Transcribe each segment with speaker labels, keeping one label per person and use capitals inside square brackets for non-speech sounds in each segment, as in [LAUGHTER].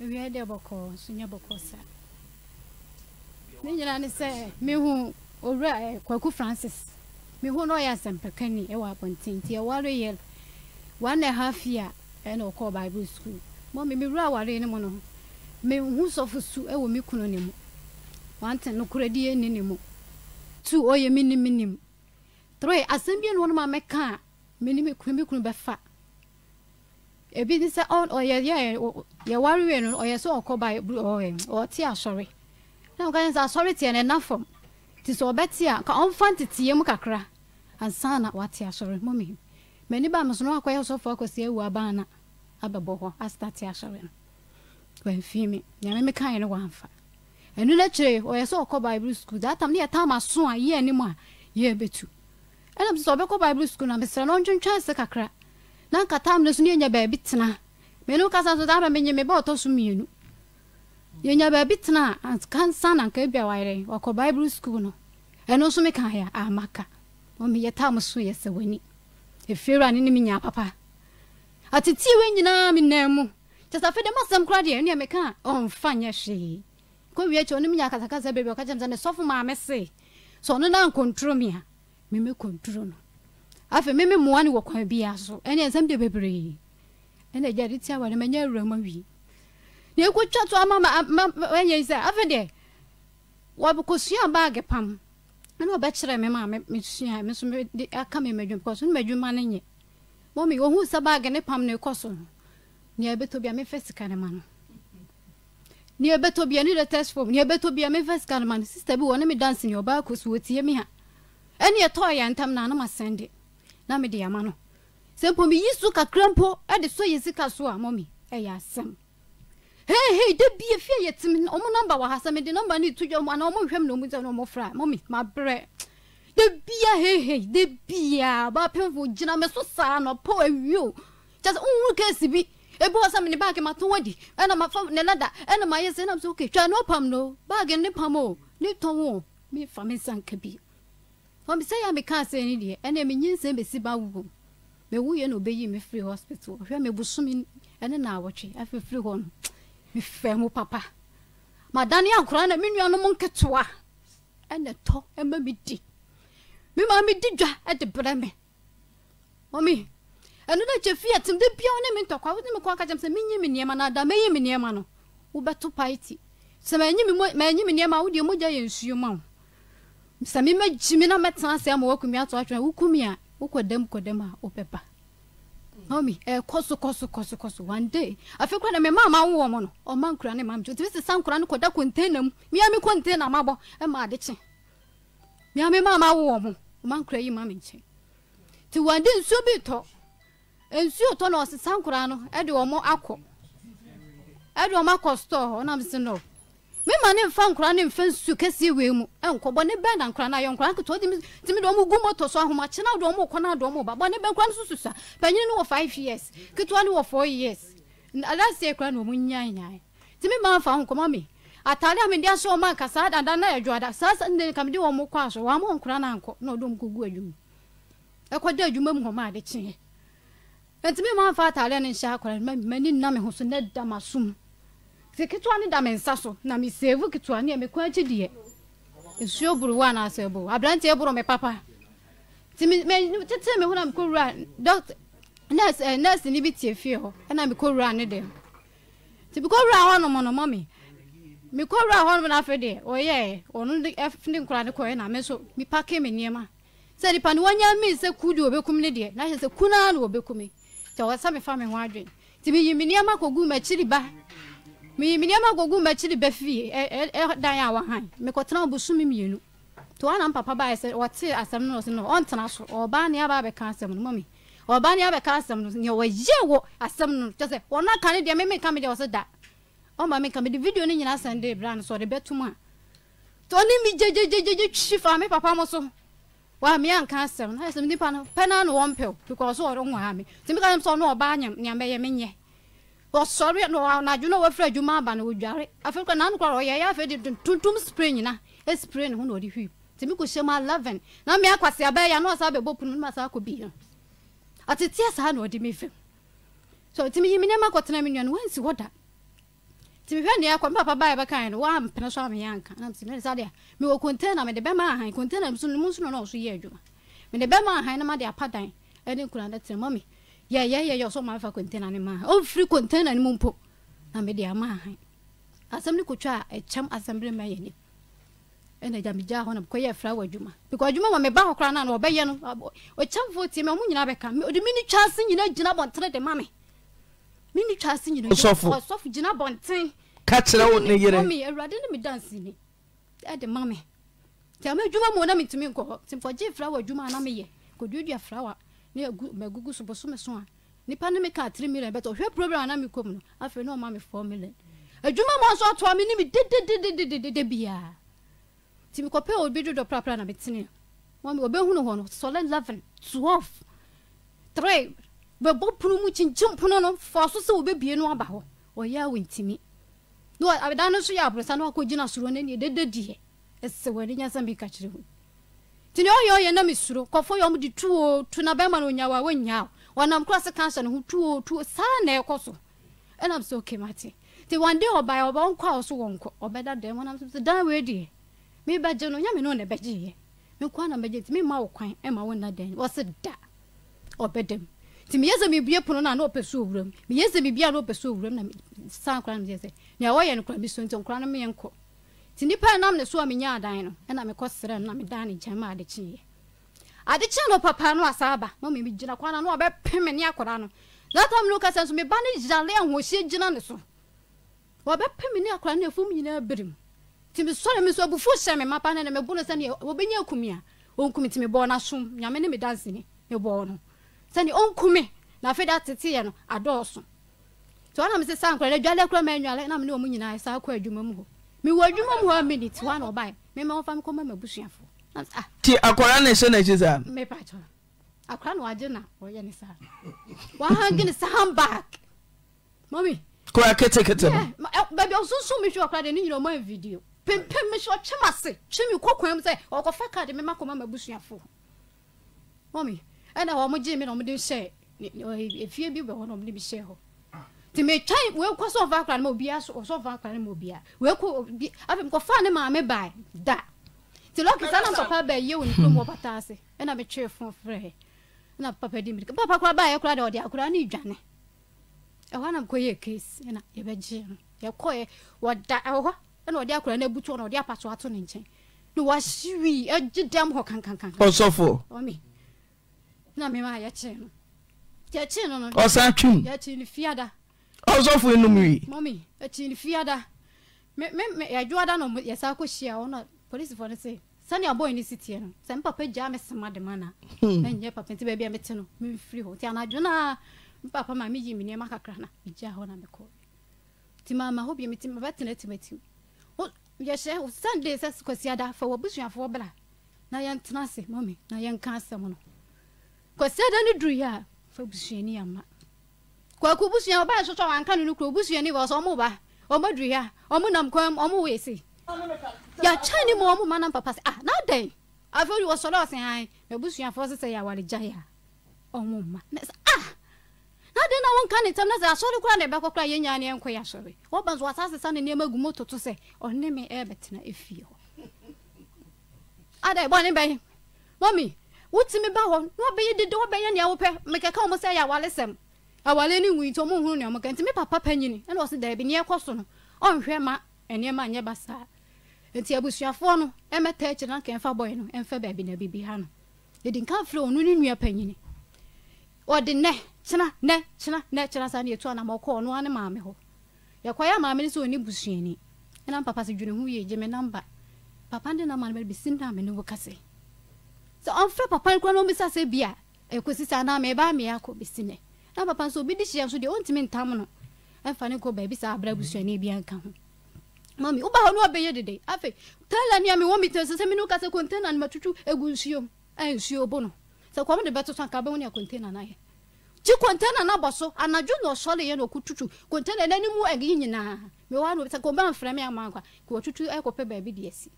Speaker 1: ewia deɛ bɔkɔɔ nso nyɛ bɔkɔɔ saa ne nyinaa ne sɛ mehu owura ɛ eh, kwaku francis mehu na ɔyɛ asɛmpɛkani ɛwɔ abɔnten nti ɛware yɛ one and a half year ɛna eh, ɔkɔɔ bible school mɔmi mi wura aware ne mu no mehu sɔfo su ɛwɔ mi kunu ne mu wante nokoradie ni ne mu two ɔyɛ mi ni mi nim three asɛm bi na wɔn mu a mɛka a mi ni mi kunu mi kunu bɛfa. ebi ni sɛ ɔyɛ yɛ yɛware wie no ɔyɛ sɛ ɔkɔ ba ɔte asɔre na ɔka sɛ asɔre teɛ na ɛna fam te sɛ ɔbɛte a ka ɔmfa nteteɛ mu kakra ansa na wate asɔre mɔmi m'ani ba me so na wakɔyɛ sɔfo akɔsi ewu abaa na abɛbɔ hɔ asɔre no no ɔyɛ sɛ ɔkɔ ne a yɛ anim a yɛ sɛ na nkata mine so ne yɛnya baabi tena mene so aba menye me ba ɔtɔ so mmienu yɛnya bitna tena kan kansa na nka bia wa ko bible school no e no ɛno nso meka yɛ amaka ah, ye tam su ye se w'ani e ɛfiewura ni ne nya papa we atetie wei nyinaa menam mu kyɛ sɛ afei dɛ masɛm kora deɛ ɛneɛ meka a ɔmfa nyɛ hwee kɔwie kyɛ ɔne menya kasakasa baabi ɔka kyɛm sɛ ne sofu ma me se so no na nkonturo me me memɛ konturo no afei meme mmoa no wɔ kwan biara so ɛne nsɛm deɛ bebree ɛna agya de tia ware manya awura mu awie na ɛkɔtwa to ama ɛnyɛ sɛ afei deɛ wɔbɛkɔsua baage pam ɛna ɔbɛkyerɛ me ma mesua me so aka me madwuma because ne madwuma no nyɛ mɔmi ɔhu sɛ baage ne pam na ɛkɔ so no nea ɛbɛtɔ bia mefɛ sika no ma no nea ɛbɛtɔ bia ne test form nea ɛbɛtɔ bia mefɛ sika no ma no sister bi wɔ ne me dance ne ɔbaa kɔ so wɔtie me ha ɛne ɛtɔɔ yɛ ntam na anam asɛn de na mede ama no sɛ mpo meyi so kakra mpo de sɔ yɛ sika so a mɔme ɛyɛ asɛm hehe da bie fie yɛ tem ɔmo nɔmba wɔ ha sɛ mede nɔmba no to dwam anaa ɔmo nhwɛm na ɔmu sɛ no ɔmo fra mɔme mabrɛ da bia hehe da bia baapemfo gyina me so saa no pɔ awio kyɛ sɛ wohuru bi ebi wɔ sɛ mene baage mato wadi ɛna mafa ne nada ɛna mayɛ sɛ nam sɛ okay twa ne ɔpam no baage ne pam o ne tɔn o mefa me nsa nka bi wɔn sɛ yɛ meka asɛm ni deɛ ɛna mi nyinsɛn bɛsi ba wuo mɛ wuyɛ na ɔbɛyi mi firi hospital ɔhwɛ mi busumi ɛne na awɔtwe afei firi hɔ no mi fɛ mu papa Ma madane akora na mi nuanom nketewa ɛna tɔ ɛma mi di mi maa mi di dwa ɛde brɛ mi mɔmi ɛno na kyɛ fie atem de bia ne mi ntɔkwa wo ne mi kɔ aka kyɛm sɛ menyi mi nneɛma no ada mɛyi mi ma no wobɛto pae ti sɛ manyi mi nneɛma a wodeɛ mogya yɛ nsuo ma wo sami mɛgyimi na mɛtena sɛ ma woakumi ato atwene wokumi a wokɔ dam kɔ dam a wobɛba mami ɛkɔ so kɔ so kɔ so kɔ so one day afei kora na me maama wowɔ mo no ɔma nkura ne mam ntimi sesa nkora no kɔda kontena mu mia me kontena mabɔ ɛma ade kye mia me maama wowɔ mo ɔma nkura yi ma me nkyɛn nti wande nsuo bi tɔ nsuo tɔ na ɔsesa nkora no ɛde ɔmo akɔ ɛde ɔmo akɔ store hɔ ɔnam si mema ne mfa nkora ne mfa nsu kɛseɛ wei mu nkɔbɔ ne bɛn na nkora no ayɛ nkora nketewa timi de ɔmo gu mɔtɔ so ahomakye na de ɔmo kɔ na de ɔmo ba bɔ ne bɛn kora no so susua no five years ketewa no wɔ four years adaseɛ kora na ɔmo nyanyan timi ma fa ho nkɔma me atare a mede ahyɛ ɔmo anka saa dada na yɛdwo ada saa ne ka mede ɔmo kɔ aso wɔn ama nkora no ankɔ na ɔde ɔmo kɔ gu adwuma ɛkɔda adwuma mu hɔ ma ade kyeɛ ntimi ma fa atare no nhyɛ akora no m'ani nna me ho da ma som te ketewa no da me nsa so na meseevu ketewa no yɛ akyi deɛ nsuo buru wo anaasɛ bo aberanteɛ boro me papa nti tete me ho na mekɔwura nurse eh, ne bi tie fie hɔ ɛna mekɔwura ne dɛm nti mekɔwura hɔnom no mɔme mekɔwura hɔnom no afei deɛ ɔyɛɛ ɔno ne nkora ne kɔɛ na me so mepake me nneɛma sɛ nipa no wanya me sɛ ku de wɔbɛkum ne deɛ na hyɛ sɛ kunaa na me nti ɔwɔ sɛ mefa me ho adwen nti meyi me nneɛma kɔgu makyiri ba mimi nneɛma gugu m'akyiri bɛ fie ɛ ɛ dan a wahan mekɔtena bosumi mmienu to ana papa baa sɛ wɔte asɛm no ɔsɛ no ɔntena so ɔbaa ne aba bɛka asɛm no mami ɔbaa ne abɛka asɛm no nea wɔyɛ wɔ asɛm no kyɛ sɛ wɔn aka ne deɛ memeka me deɛ ɔsɛ da ɔma meka mede video no nyinaa sɛn de bra no so ɔde bɛtum a to ɔne mi gyegyegyegyegye twi fa me papa mo so wa mi anka asɛm no ayɛ sɛ nipa no pɛ na no wɔmpɛw because ɔre ho ha me nti meka sɛ ɔno ɔbaa nyam nea mɛyɛ menyɛ ɔsɔre na ɔnadwo oh, na wɔfiri adwuma aba na wɔdware afei kora nano kora ɔyɛ yɛ afei de tuntum spray nyina espray ne ho na ɔde hwii nti mekɔ hyɛ mu eleven na mmea kwase abɛɛ yɛ na ɔsa bɛbɔ pono no ma saa kɔ biiɛ ɔtete saa na ɔde me fam so nti meyi me nneɛma kɔtena me nua no wansi hɔ da nti mehwɛ nea kɔ me papa baɛ bɛkae no wampene so ameyɛ anka na msi mede sa deɛ mewɔ container mede bɛma ahan container mu so no mu nsono na ɔso yɛ adwuma mede bɛma ahan na made apa dan ɛne nkura no tena mami yɛyɛyɛyɛ sɛ ɔmafa kontena ne maa ɔmfiri oh, kontena ne mu mpo na mede ama ahan asɛm ne kɔtwa a ɛkyɛm asɛmbere ma yɛni ɛna gya megyaa hɔ na mekɔyɛ fra wɔ adwuma because adwuma wɔ meba hɔ koraa no na ɔbɛyɛ no ɔkyɛmfoɔ tie me ɔmo nyinaa bɛka ɔde mene twa ase nyina gyina bɔntene de ma me mene twa ase nyina ɔsɔfo gyina bɔnten ka kyerɛ wo ne yere me eh, awurade ne me danse ni ɛde eh, ma me nti ama adwuma mu na tumi nkɔ hɔ nti mfɔgye fra wɔ adwuma a na meyɛ kɔduadua fra wɔ ne egu mɛgugu so bɔsɔmɛ so a nipa ne mi ka three million bɛtɛ ɔhwɛ program anam kɔm no afei ne ɔma mi four million adwuma mu nso ɔtoa mi ne mi dededededede biara ti mi kɔpɛ obi dodo prapra na mi tene wɔn mi obehunu hɔ no sɔlɛ eleven twelve three bɛbɔ pono mu kyinkyin pono no fa so sɛ obebie no aba hɔ ɔyɛ awo ntumi na ɔdan no so yɛ aborosan na wakɔ gyina soro n'ani dedediɛ ɛsɛ wɔ ani nyɛ sɛ mi ka kyerɛ ho. nti ne ɔyɛ ɔyɛ na mesuro kɔfo yɛ ɔmde tuo tu na bɛma no onyawa wonyaa ɔnam kora se kanhyɛ ne ho tuo tuo saa na ɛkɔ so ɛnam sɛ oke mate nti wande ɔbaɛ ɔba ɔnkɔ a ɔso wɔnkɔ ɔbɛda dɛm ɔnam sɛ dan mi deɛ mebɛgye no nyame ne wo na mi mekoa na bɛgye nti mema wo kwan ɛma wo nna dan wɔse da ɔbɛdam nti meyɛ sɛ mebie pono no na ɔpɛ so owuram meyɛ sɛ bie na ɔpɛ so owuram na saa nkora no meyɛ sɛ nea wɔyɛ no kora meso nti nkora no meyɛ nkɔ nti nipa nam ne so a menya adan no ɛna mekɔ serɛ no na medan ne nkyɛn ma ade kyeeɛ no papa no asa aba na ɔmemi gyina kwan na no ɔbɛpe me ne akwadaa no data mi no kasa nso meba ne yale ahoɔhyɛ gyina ne so wɔbɛpe me ne akwadaa no afum nyinaa bere mu nti mesɔre me so abufuo hyɛ me mapa ne ne mebo no sɛneɛ wɔbɛnya akumi a ɔnkumi nti mebɔɔ no asom nyame ne me mebɔɔ no sɛneɛ ɔnkumi na afei de ateteɛ no adɔɔso nti ɔnam sɛ saa nkwadaa no adwale akora ma anwale na me ne ɔmo nyinaa saa kɔ adwuma mu hɔ mewɔ adwuma mu hɔ a minute hɔ ana ɔbae mema wɔfa mkɔma m'abusuafoɔ
Speaker 2: nti ah. akwaraa na ɛhyɛ n'akyi saa
Speaker 1: mepatɔ akwaraa na wagye na ɔyɛ ne saa wahange ne saa back mami
Speaker 2: kora ketekete
Speaker 1: no baabi me mehwɛ ɔkora de ne nyina ɔma video pempem mehyɛ ɔkyem ase twe me kɔ kwan mu sɛ ɔkɔfa ka de mema kɔma m'abusuafoɔ mami ɛna hɔ mo gyee me na ɔmode hyɛ fie bi bɛhɔ na ɔmde bi hyɛ hɔ nti metwan weekɔ sɛ ɔfa akora no ma obia so ɔsɛ ɔfa akora no ma obia weekɔ obi afei mekɔfa ne maame bae da
Speaker 3: nti lɔki saa na papa
Speaker 1: bɛyɛ wɔ ne kurom wɔ pata ase ɛna metwee fo frɛ na papa di mirika papa kora baeɛ kora deɛ ɔde akora ni dwane ɛhɔ e na mekɔyɛ case ɛna yɛbɛgyee no yɛkɔɛ wɔda ɛwɔ hɔ ɛna ɔde akora no abutu na ɔde apato ato ne nkyɛn na wahyewi agye dɛm hɔ kankankan ɔsɔfo ɔme na mema yɛkyee no yɛkyee no no ɔsan twem yɛkyee no fiada
Speaker 2: ɔsɔfo nom yi
Speaker 1: mɔmi akyiri fiada adwoada na yɛsa kɔ hyia ɔ na polisifoɔ no se sɛnea ɔbɔe no si teɛ no sɛ papa gyaa me sema de ma na ɛnyɛ hmm. papa nti baabi a mete no memfiri hɔ nti anadwo no a papa ma meyi me nneɛma kakra na megyaa hɔ na mekɔ nti mama hɔ biam mɛtena timatim yɛhyɛ sunday sɛ kwasiada fa wɔabusuafoɔ bra na yɛntena ase mɔmi na yɛnka asɛm no kwasiada no duruiɛ a fa busuani ama kwaku busua ɔba asosɔ wanka no no kuro busua ni wɔ ɔmo ba ɔmo duru ya ɔmo nam kwan mu ɔmo wɔ esi ni mu ɔmo ma nam papa sɛ ah n'adan afei wɔ sɔlɔ ɔsɛn han na busuafoɔ sɛ yɛ awale gya ya ɔmo eh. ma na ah n'adan na wɔn ka ne tam na sɛ asɔre kura na ɛbɛkɔ kura yɛn nyaa ne nkɔ yɛ asɔre wɔba nso wasa sisa ne nneɛma gu mu toto sɛ ɔne mi ɛɛbɛtena efie hɔ adan bɔ ne bɛn mɔmi wotumi ba hɔ na wɔbɛyɛ dede wɔbɛyɛ nea wopɛ mekɛkɛ wɔn sɛ awale ne wui nti ɔmo nhunu nea ɔmo nti me papa pa nyini ɛna ɔsi dɛbi nea ɛkɔ so no ɔnhwɛ ma nneɛma anyɛ ba saa nti abusuafoɔ no ɛmɛta akyire na kɛnfa bɔyɛ no ɛmfɛ baabi na bibi ha no yɛdi nka afiri ɔno ne nua panyini ɔde nɛ kyena nɛ kyena nɛ kyena saa ne yɛtu anam ɔkɔ ɔno ane maame ho yɛkɔyɛ maame no sɛ ɔne busuani ɛna papa sɛ dwene ho yie gye namba papa de namba bɛde bɛsi na me ne wo kase sɛ ɔmfrɛ papa no kora na ɔmbisa sɛ bia ɛkɔsi saa na meba meɛ akɔ bɛsi nɛ na papa nso obi de hyia nso deɛ ɔntumi ntam no ɛmfa ne nkɔ baabi saa abra busuani bi anka ho mami woba hɔ ne wabɛyɛ dede afei tala nea mewɔ metɛ sɛ sɛ mene woka no kontena no matwutwu agu nsuom ɛ nsuo bo no sɛ kɔm de bɛto so anka bɛwo nea kontena no ayɛ gye kontena no abɔ so anadwo na ɔsɔleyɛ na ɔkɔtwutwu kontena no anim ɛyi nyinaa mewɔ no sɛ kɔmba mfrɛ me ama nkwa kɔtwutwu ɛkɔpɛ baabi de asi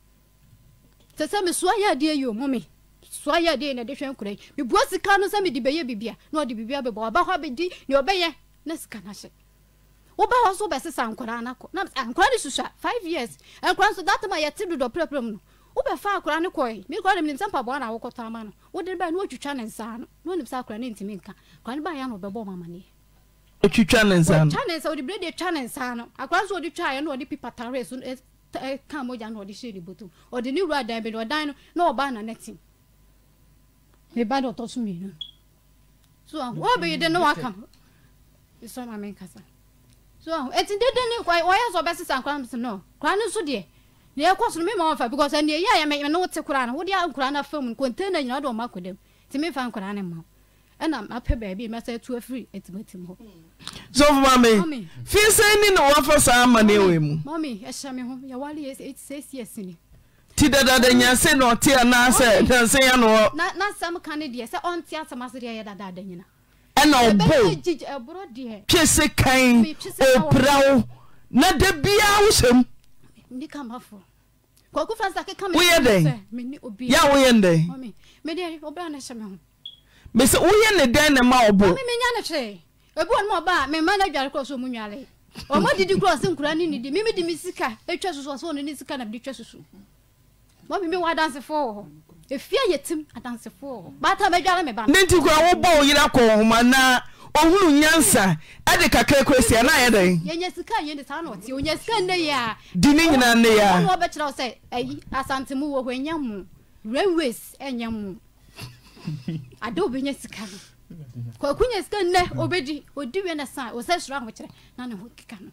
Speaker 1: sɛ sɛ mesoa yɛ adeɛ yɛ mu me soa yɛ na ɛde hwɛ nkora yi mebua sika no sɛ mede bɛyɛ biribia na ɔde biribia bɛbɔ ɔba hɔ bɛdi ne ɔbɛyɛ na sika no ahyɛ woba hɔ so wobɛsesa nkora no akɔ na nkora no susua five years nkora nso that time a yɛte dodɔ prɛprɛ mu no wobɛfa akora no kɔe mekora no menim sɛ mpaboa na wokɔtɔ ama na woatwitwa ne no na wonim sɛ na ɔbɛbɔ ne nsa no ne nsa wɔde bere de twa ne nsa no akora nso na wɔde pipa tare eh, eh, ne botom ɔde ne wura no ɔdan no na ɔbaa meba de ɔtɔ so mmienu so ahu ɔbɛyi de ne waka esɔ maame nkasa so ahu eti dede ne kwa ɔyɛ sɛ ɔbɛsesa nkora no so no kora no so deɛ na ɛkɔ so no mema ɔfa because ɛnea yi a yɛmɛ ne wote kora no wode nkora no afa mu no container nyina wode ɔma akɔdam nti mefa nkora no ma ɛna mapɛ baabi mɛsɛ tu afiri atimatim hɔ
Speaker 2: sɔfo maame fi sɛ ni na wɔafa saa amane wei mu
Speaker 1: mɔme ɛhyɛ me ho yɛwale ɛsiesie asini
Speaker 2: idadada nynasɛ na ɔte anasɛasɛanɛna ɔbo
Speaker 1: twɛsɛ kan opra wo
Speaker 2: na da bia wo
Speaker 1: sɛmwoyɛ dɛn woyɛ ndɛn ɛ
Speaker 2: woyɛ no dɛn nɛ ma ɔbo
Speaker 1: mɔmi mi wɔ adansefoɔ wɔ hɔ efi a yɛ tim adansefoɔ wɔ hɔ baata mɛdware mi ba. ne ti kura wobɔ oyin
Speaker 2: akɔ ɔhoma na ohunu nyansa ɛde kakra kura si ayɛ dɛ.
Speaker 1: yɛnyɛ sika yɛn de saa na ɔte yɛnyɛ sika ne yɛ a.
Speaker 4: di ne
Speaker 2: nyinaa ne yɛ a. ɔno
Speaker 1: ɔbɛkyerɛw sɛ ɛyi asantemu wɔ hɔ ɛnyɛ mu railways ɛnyɛ mu ade obɛnya sika no kwakunya sika nnɛ obɛdi odi wiɛ na san ɔsɛ soro ahokyerɛ na ne ho keka no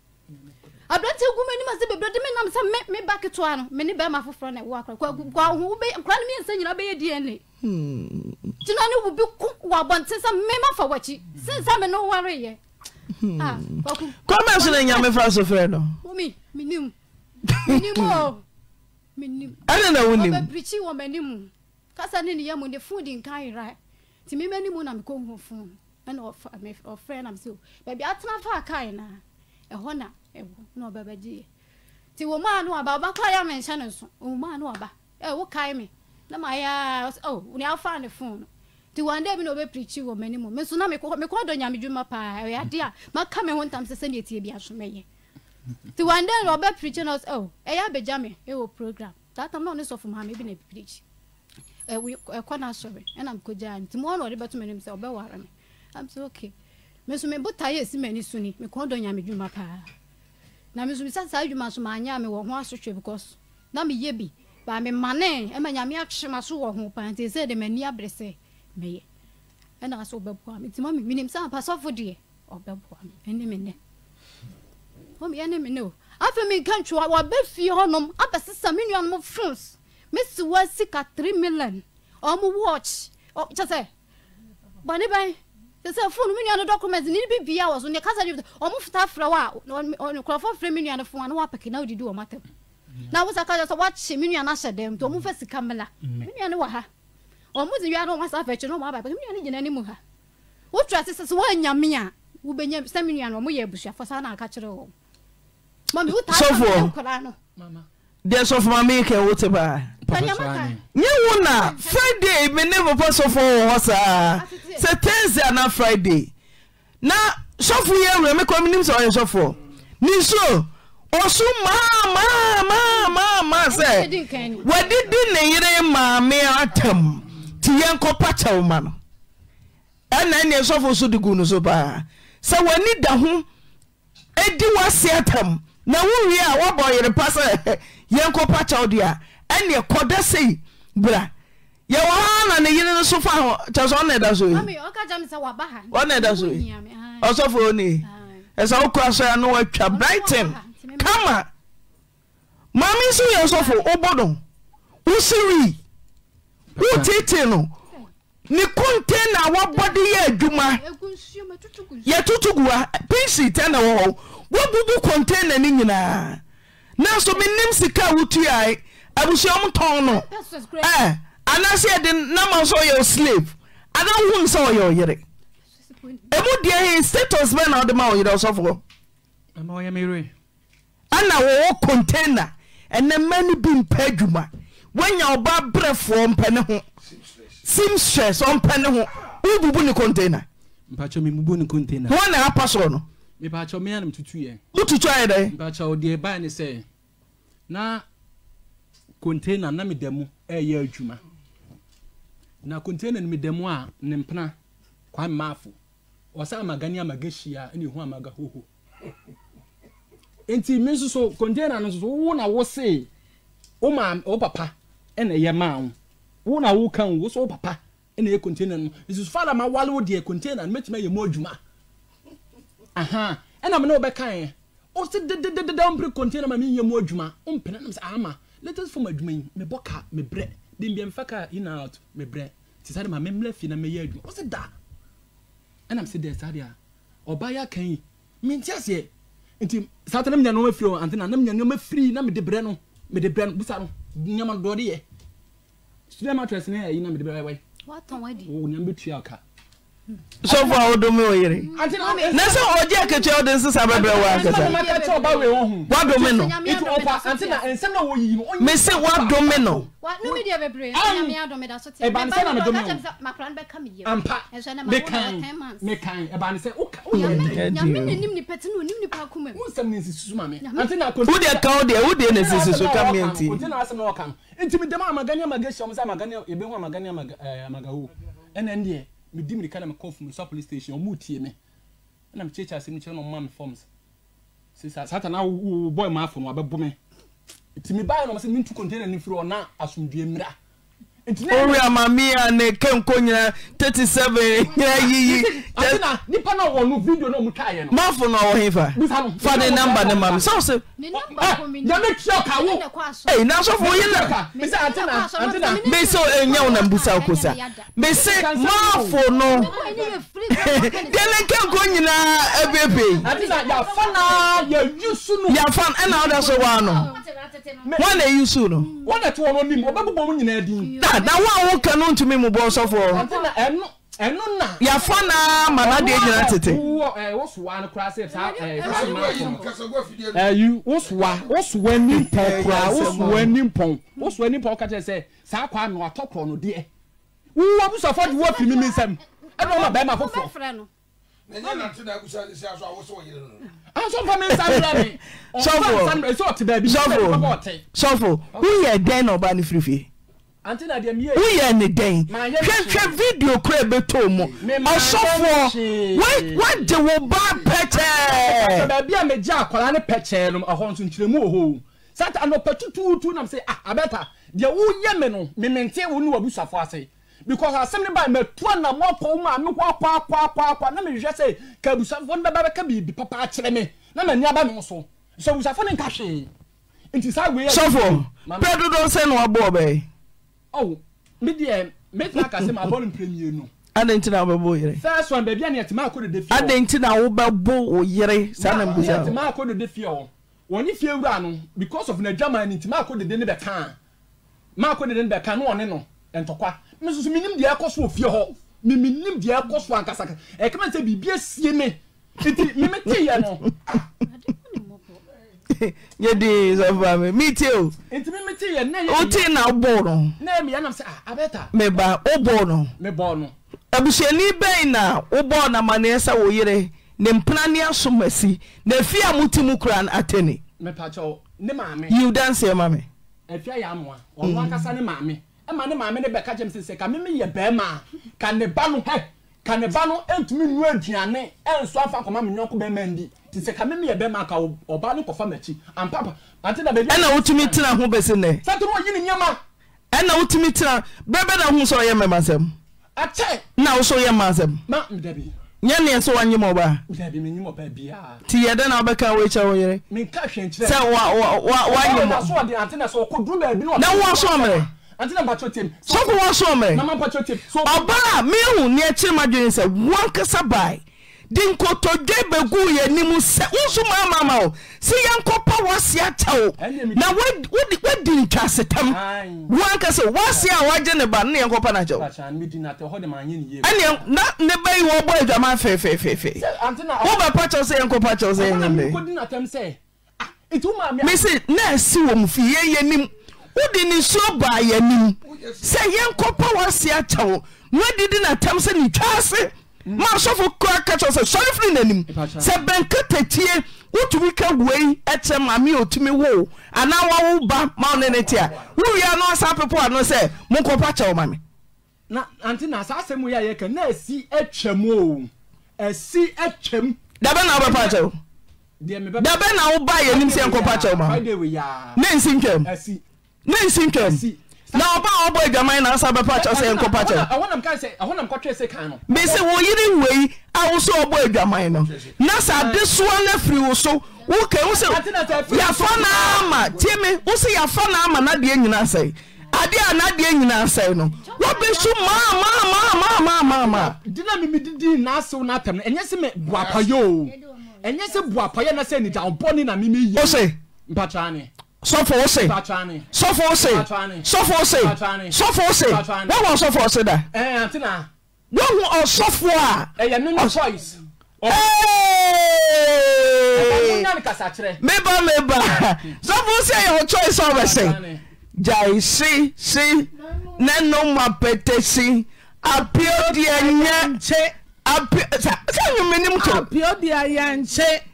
Speaker 1: abirante gu mu anim ase bebree de mi nam sɛ mi mi ba ketewa no hmm. ah, mi ni bɛrima foforɔ na ɛwɔ akora kwa kwa wo bɛ nkora no mmiɛnsa nyinaa bɛyɛ dna. gyina ni wo bi ko wɔ abɔnten sɛ mi ma fa wɔkyi sisan mi no wɔre yɛ. kɔmɛ so na nyame fura so fɛ no. wumi mi nim mi nim o kasa ne ni yɛ mu ne fun di nkan yira ti mi mɛ nimu na mi ko n ho fun na ehona ebu na ɔba bɛgye yɛ nti wɔn maa no aba ɔba koraa yɛ ama nhyɛ ne so wɔn maa no aba ɛɛ wokae me na ma yɛ aa ɔ oh, ne afa ne fon no nti wɔn dɛ bi na ɔbɛpirikyi wɔ m'anim me nso na mekɔ mekɔ dɔ nyame dwuma e ya dia ma ka me ho ntam sɛ sɛdeɛ tie bi aso mɛyɛ nti wɔn dɛ na ɔbɛpirikyi na ya be jamme e wo program ne so ɔne ma me bi na ɛpirikyi ɛkɔ na asɔre ɛna mekɔ gyaa nti mu ɔna ɔde bɛto m'anim sɛ ɔbɛware me i'm so okay me nso mebota yɛ si m'ani so ni mekɔn dɔ nyame dwuma paa na me nso misa saa adwuma so maanyɛ a mewɔ ho asotwe because na meyɛ bi baa memane ɛma e nyame akyere ma so wɔ ho paa nti sɛ de m'ani abere sɛ meyɛ ɛna e sɛ wobɛboa me nti mami menim sɛ apasɔfo deɛ ɔbɛboa me ɛne e me nɛ mami ɛne me nɛ o afei menka ntwewa wɔabɛ fie hɔnom abɛsesa me nuanom frons mesi wa sika 3 million ɔmo watch kyɛ sɛ bɔne bɛn sɛ fone me nuano document ne bi bia wɔ so ne kasa ne ɔmo fita frɛ wɔ a nkurɔfoɔ frɛ me nuano fo a na woapɛke na wodidi wɔ matam na wosa ka sɛ woakye me nuano ahyɛ dɛm nti ɔmo fa sika mmela me nuano wɔ ha ɔmo dze wia na ɔmo asa afɛkyi na ɔmo aba me nuano ah? gyina ne ha wotu ase sɛ sɛ woanya me a wobɛnya sɛ me nuano ɔmo yɛ abusuafo saa na aka kyerɛ wɔn mami wotaa nkɔlaa no
Speaker 2: deɛ sɔfo ma mi kɛ wote paa yɛ wo na friday mene bopo sɔfoɔ wɔ hɔ saa sɛ tursday ana friday na sfomɛ
Speaker 1: wde de ne yere
Speaker 2: maameɛa tam nti yɛnkɔpa kɛ wo ma no ɛna nneɛ sɔfo so de gu no so paa sɛ wani da ho di woasea tam na wowie a woba yere pa sɛ [LAUGHS] yɛnkɔpa kyɛwde a ɛneɛ kɔda sei bra yɛwɔ haa na ne yere no so fa hɔ kyɛ sɛ ɔna ɛda
Speaker 1: soɔna
Speaker 2: ɛda so ɔsɔfo ɔne ɛsɛ wokɔa sɔ ano watwa brighton kama maame nso yɛ ɔsɔfo wobɔ no wosirii wotete no ne konte na wɔbɔ de yɛ adwuma yɛtoto gua pinsi tɛ na wɔ hɔ wobubu kontaina no nyinaa nanso menim sika a wotuae abusuo m tɔn no anasɛɛde na ma sɛ ɔyɛ oslave ana wohunu sɛ ɔyɛ ɔyere mudeɛ ɛ status bɛnawde ma ɔyerɛ sfoɔ ana wɔwɔ containar ɛnɛ mano bi mpa dwuma woanya ɔba berɛfo ɔmpɛne ho simtress ɔmpɛne ho wobubu ne containawane
Speaker 5: a pa so no container na mi mu ɛyɛ eh, adwuma na container no meda mu a ne mpena kwame maafo ɔsa amaga ne amaga hyia ne ehu amaga hoho nti mi nso so container no nso wo na wo se wo maa wo papa ɛna ɛyɛ maa wo wo na wo kan wo so wo papa ɛna ɛyɛ container no nso fada ma wale wo deɛ container no mɛtumi ayɛ mu adwuma aha ɛna mo ne wo bɛka yɛn o se dededede wo container ma mi nyɛ mu adwuma wo mpene no sɛ ama latest form adwuma yi mebɔ ka mebrɛ de mbia mfa ka in and out mebrɛ te saa de ma memmerɛ fie na mɛyɛ adwuma ɔsɛ da ɛnam sɛ dɛ saa de a ɔbaa yɛ aka yi mente aseɛ nti saa ta na menya nneɛma firi ante na na menya nneɛma firi na mede brɛ no mede brɛ no busa no nneɛma dɔɔde yɛ student mattress ne ɛyi na mede brɛ wai
Speaker 1: watɔn wadi
Speaker 5: o nneɛma bɛtua ka sọfọ àwọn
Speaker 2: domi oyere
Speaker 1: nẹsẹ o akẹkẹ ọdẹ nsesa bẹbẹrẹ wọ akẹta wa domi nọ mẹsẹ wa domi nọ. ẹbanisẹ na mi domi nọ mekan
Speaker 5: mekan ẹbanisẹ o yẹ dẹ. o de kan o de o de na sisi so ka mi nti. ntumi dama amagani amagasi ọmọ sẹ amagani ebi hu medi mirika na mekɔ fomsa police station ɔmo tie me ɛna mekyerɛkyerɛ asɛm no kyerɛ na ɔma me forms satan wobɔe maafo no wabɛbo me nti mebaɛ no ɔma sɛ mentu container no mfiri ɔna asomdue mmira orí àmàmí àná kẹ́ńkó nyina thirty seven [LAUGHS] nyina yiyi. àti na nípa náà wọ̀ nù fídíò náà mu ká yẹn. máa fún ọ wọ̀hín fa fa ní nọmba ní maami sọ sẹ. jẹ́mi tí ọkà wò.
Speaker 2: ẹ̀yin náà sọ fún yín náà. bísí àti na àti na. bísí ẹ̀yẹ́ wọn náà bísí àkó sa bísí máa fún nù.
Speaker 5: délé kẹ́ńkó nyina ẹbí ebè. àti na yàfa náà yẹ yí sunu. yàfa ẹ̀na ọ̀dà sọ wà nù. wọ́n lè yí sunu. wọ́n lè tún mu ọbẹ̀ bọ̀ wọn nyina
Speaker 2: dín na wo a woka no ntumi mmobɔ ɔsɔfoɔ
Speaker 5: ɛnu na. yafa na mana de nyina tete. ɛɛ wosuwa ni kura se sa ɛɛ ɛyi wosuwa wosuwa ni mpɔn kura wosuwa ni mpɔn wosuwa ni mpɔn kata sɛ saa kɔ anu atɔ kɔ no deɛ wuwa busafo de wo pimi mi nsɛm ɛnu ɔma bɛrima foforɔ. asɔfo mi nsa wura mi.
Speaker 2: sɔfo sɔfo sɔfo wuyɛ dɛn na ɔba ni firifiri
Speaker 5: woyɛ ne dɛn hwɛhwɛ video kora bɛtɔ mu ɔsɔfoɔ wode wo ba pɛkyɛɛ baabi a megye akwaraa ne pɛkyɛɛ no ɛhɔ nso nkyerɛmu wɔ hɔ sata anɔpɛ tutuutu nam sɛ ah abɛta deɛ woyɛ me no memente wo ne wabusafo ase because asɛm ne ba matua na moakɔ wo ma me hɔ akɔ akɔ akɔ akɔ na mehwɛ sɛ ka abusafo no bɛba bɛka biribi papa akyerɛ me na mani aba no so sɛ abusafo no nka hwee nti saa wei sɔfoɔ pɛ dodoɔ sɛ na wabɔɔ bɛɛ ɔwɔ oh, mi deɛ mɛtumi aka sɛ ma bɔ ne mpire mienu.
Speaker 2: adan ti na wobɛbɔ yere.
Speaker 5: first one baabi a ne yɛtuma akɔ dede fie wɔ. adan ti
Speaker 2: na wobɛbɔ o yere saa na mbisa. ne
Speaker 5: yɛtuma akɔ dede fie wɔ wɔn ne wura no because of na ni ne ntuma akɔ dede ne bɛ kan maa akɔ dede ne bɛ kan ne wɔne no ntɔkwa mi soso mi nim deɛ ɛkɔ so wɔ fie hɔ mi mi nim deɛ ɛkɔ so ankasaka ɛkama sɛ biribi esie mi nti mi mi ti yɛ no. [LAUGHS]
Speaker 2: [LAUGHS] yɛdesfmete
Speaker 5: wote na wobɔ
Speaker 2: nomeba wobɔ no abusuani bɛn na wobɔɔ no amanneɛ sɛ wo yere ne mpena ne asom asi na afie a mote mu kora no atɛni
Speaker 5: yiw
Speaker 2: danseɛ ma me
Speaker 5: ma ne maame ne bɛka kyɛm sɛ sɛ ka meme yɛ bɛrima ka ne ba no hɛ ka ne ba no ntumi nnu aduane nso afa akɔma me nyɔnko bɛrima ti sɛ kame mi yɛ bɛrima ka ɔbaa no kɔfa m'akyi ampapa ante na baabi. ɛna wotumi tena ho bɛsi nɛ. sɛtɔn oyi ni nneɛma. ɛna wotumi
Speaker 2: tena bɛbɛ na ho sɔrɔ yɛ mɛma nsɛm.
Speaker 5: akyɛ. na o so yɛ mma nsɛm. ma n dɛbi.
Speaker 2: nyɛ nea nso wa nyima ɔbaa.
Speaker 5: dɛbi mi nyima ɔbaa biara.
Speaker 2: ti yɛ dɛ na ɔbɛka wo ekyɛ wo yɛrɛ.
Speaker 5: mi nka hwɛ nkyerɛ. sɛ wa wa wa wa nyima. ɔbaa yɛ nasɔ ɔdi ante na sɔ ɔkɔ dun baabi na ɔkɔ. na wɔn asɔ mɛ ante na mpatso tem. sɔkò wɔn asɔ mɛ. na ma mpatso tem.
Speaker 2: ɔbaa mi hu ni ɛkyerɛ ma dwene sɛ wɔn kasa baa de nkotɔdwa baguu yani mu sɛ woso maama ama o sɛ yɛnkɔp woase aya wo na wodi ntwa asetam woanka sɛ woaseɛ a woagye ne ba no ne yɛnkɔpa noyɛ ne ba yi wɔbɔɔ adwama f
Speaker 5: woba paɛ sɛ yɛpɛ sɛ
Speaker 2: mi ah, se na asi wɔm fire yanim wode ne suo baa ynim oh, sɛ yɛnkp waseɛ aya wo nawadi di natɛm sɛ ne twa ase masɔfo koa ka kyɛw sɛ sɔre firi n'anim sɛ bɛnka tatie wotumi ka wei kyɛ mame otumi woo anaa woawo ba ma wo ne ne te a wowia no asa pepo ano sɛ
Speaker 5: monkɔpa kyɛwo ma me dabɛ na wobɛpa kyɛwo dabɛ na woba yɛnim ọma yɛnkɔpa kyɛwo ma ne
Speaker 2: nsi ntwam ne nsi ntwam na ọba a ọbọ edwama yi na asa bẹ pàkyẹ ọsẹ nkọ pàkyẹ. bẹsẹ wọ yiri wei a wosọ ọbọ edwama yi no na sẹ adesuwa na firi wosọ wọkẹ wosẹ yafa n'ama tie mi wosẹ yafa n'ama n'adeɛ nyinaa sɛ adeɛ a n'adeɛ nyinaa sɛ no
Speaker 5: wọbẹ su maa maa maa maa maa maa maa. dina mi mi didi n'asew n'atam na ɛnyɛ sɛ mɛ bu apayɛ o ɛnyɛ sɛ bu apayɛ na sɛ nidahobɔ ni na mimi. mi yɛ. o se. fows h sɔfose dah sfoɔ
Speaker 4: bb sɔfo se yɛhɔ choice wobɛ sɛ gyae sesi
Speaker 2: ne no mapɛtesi apdyɛsɛwumenim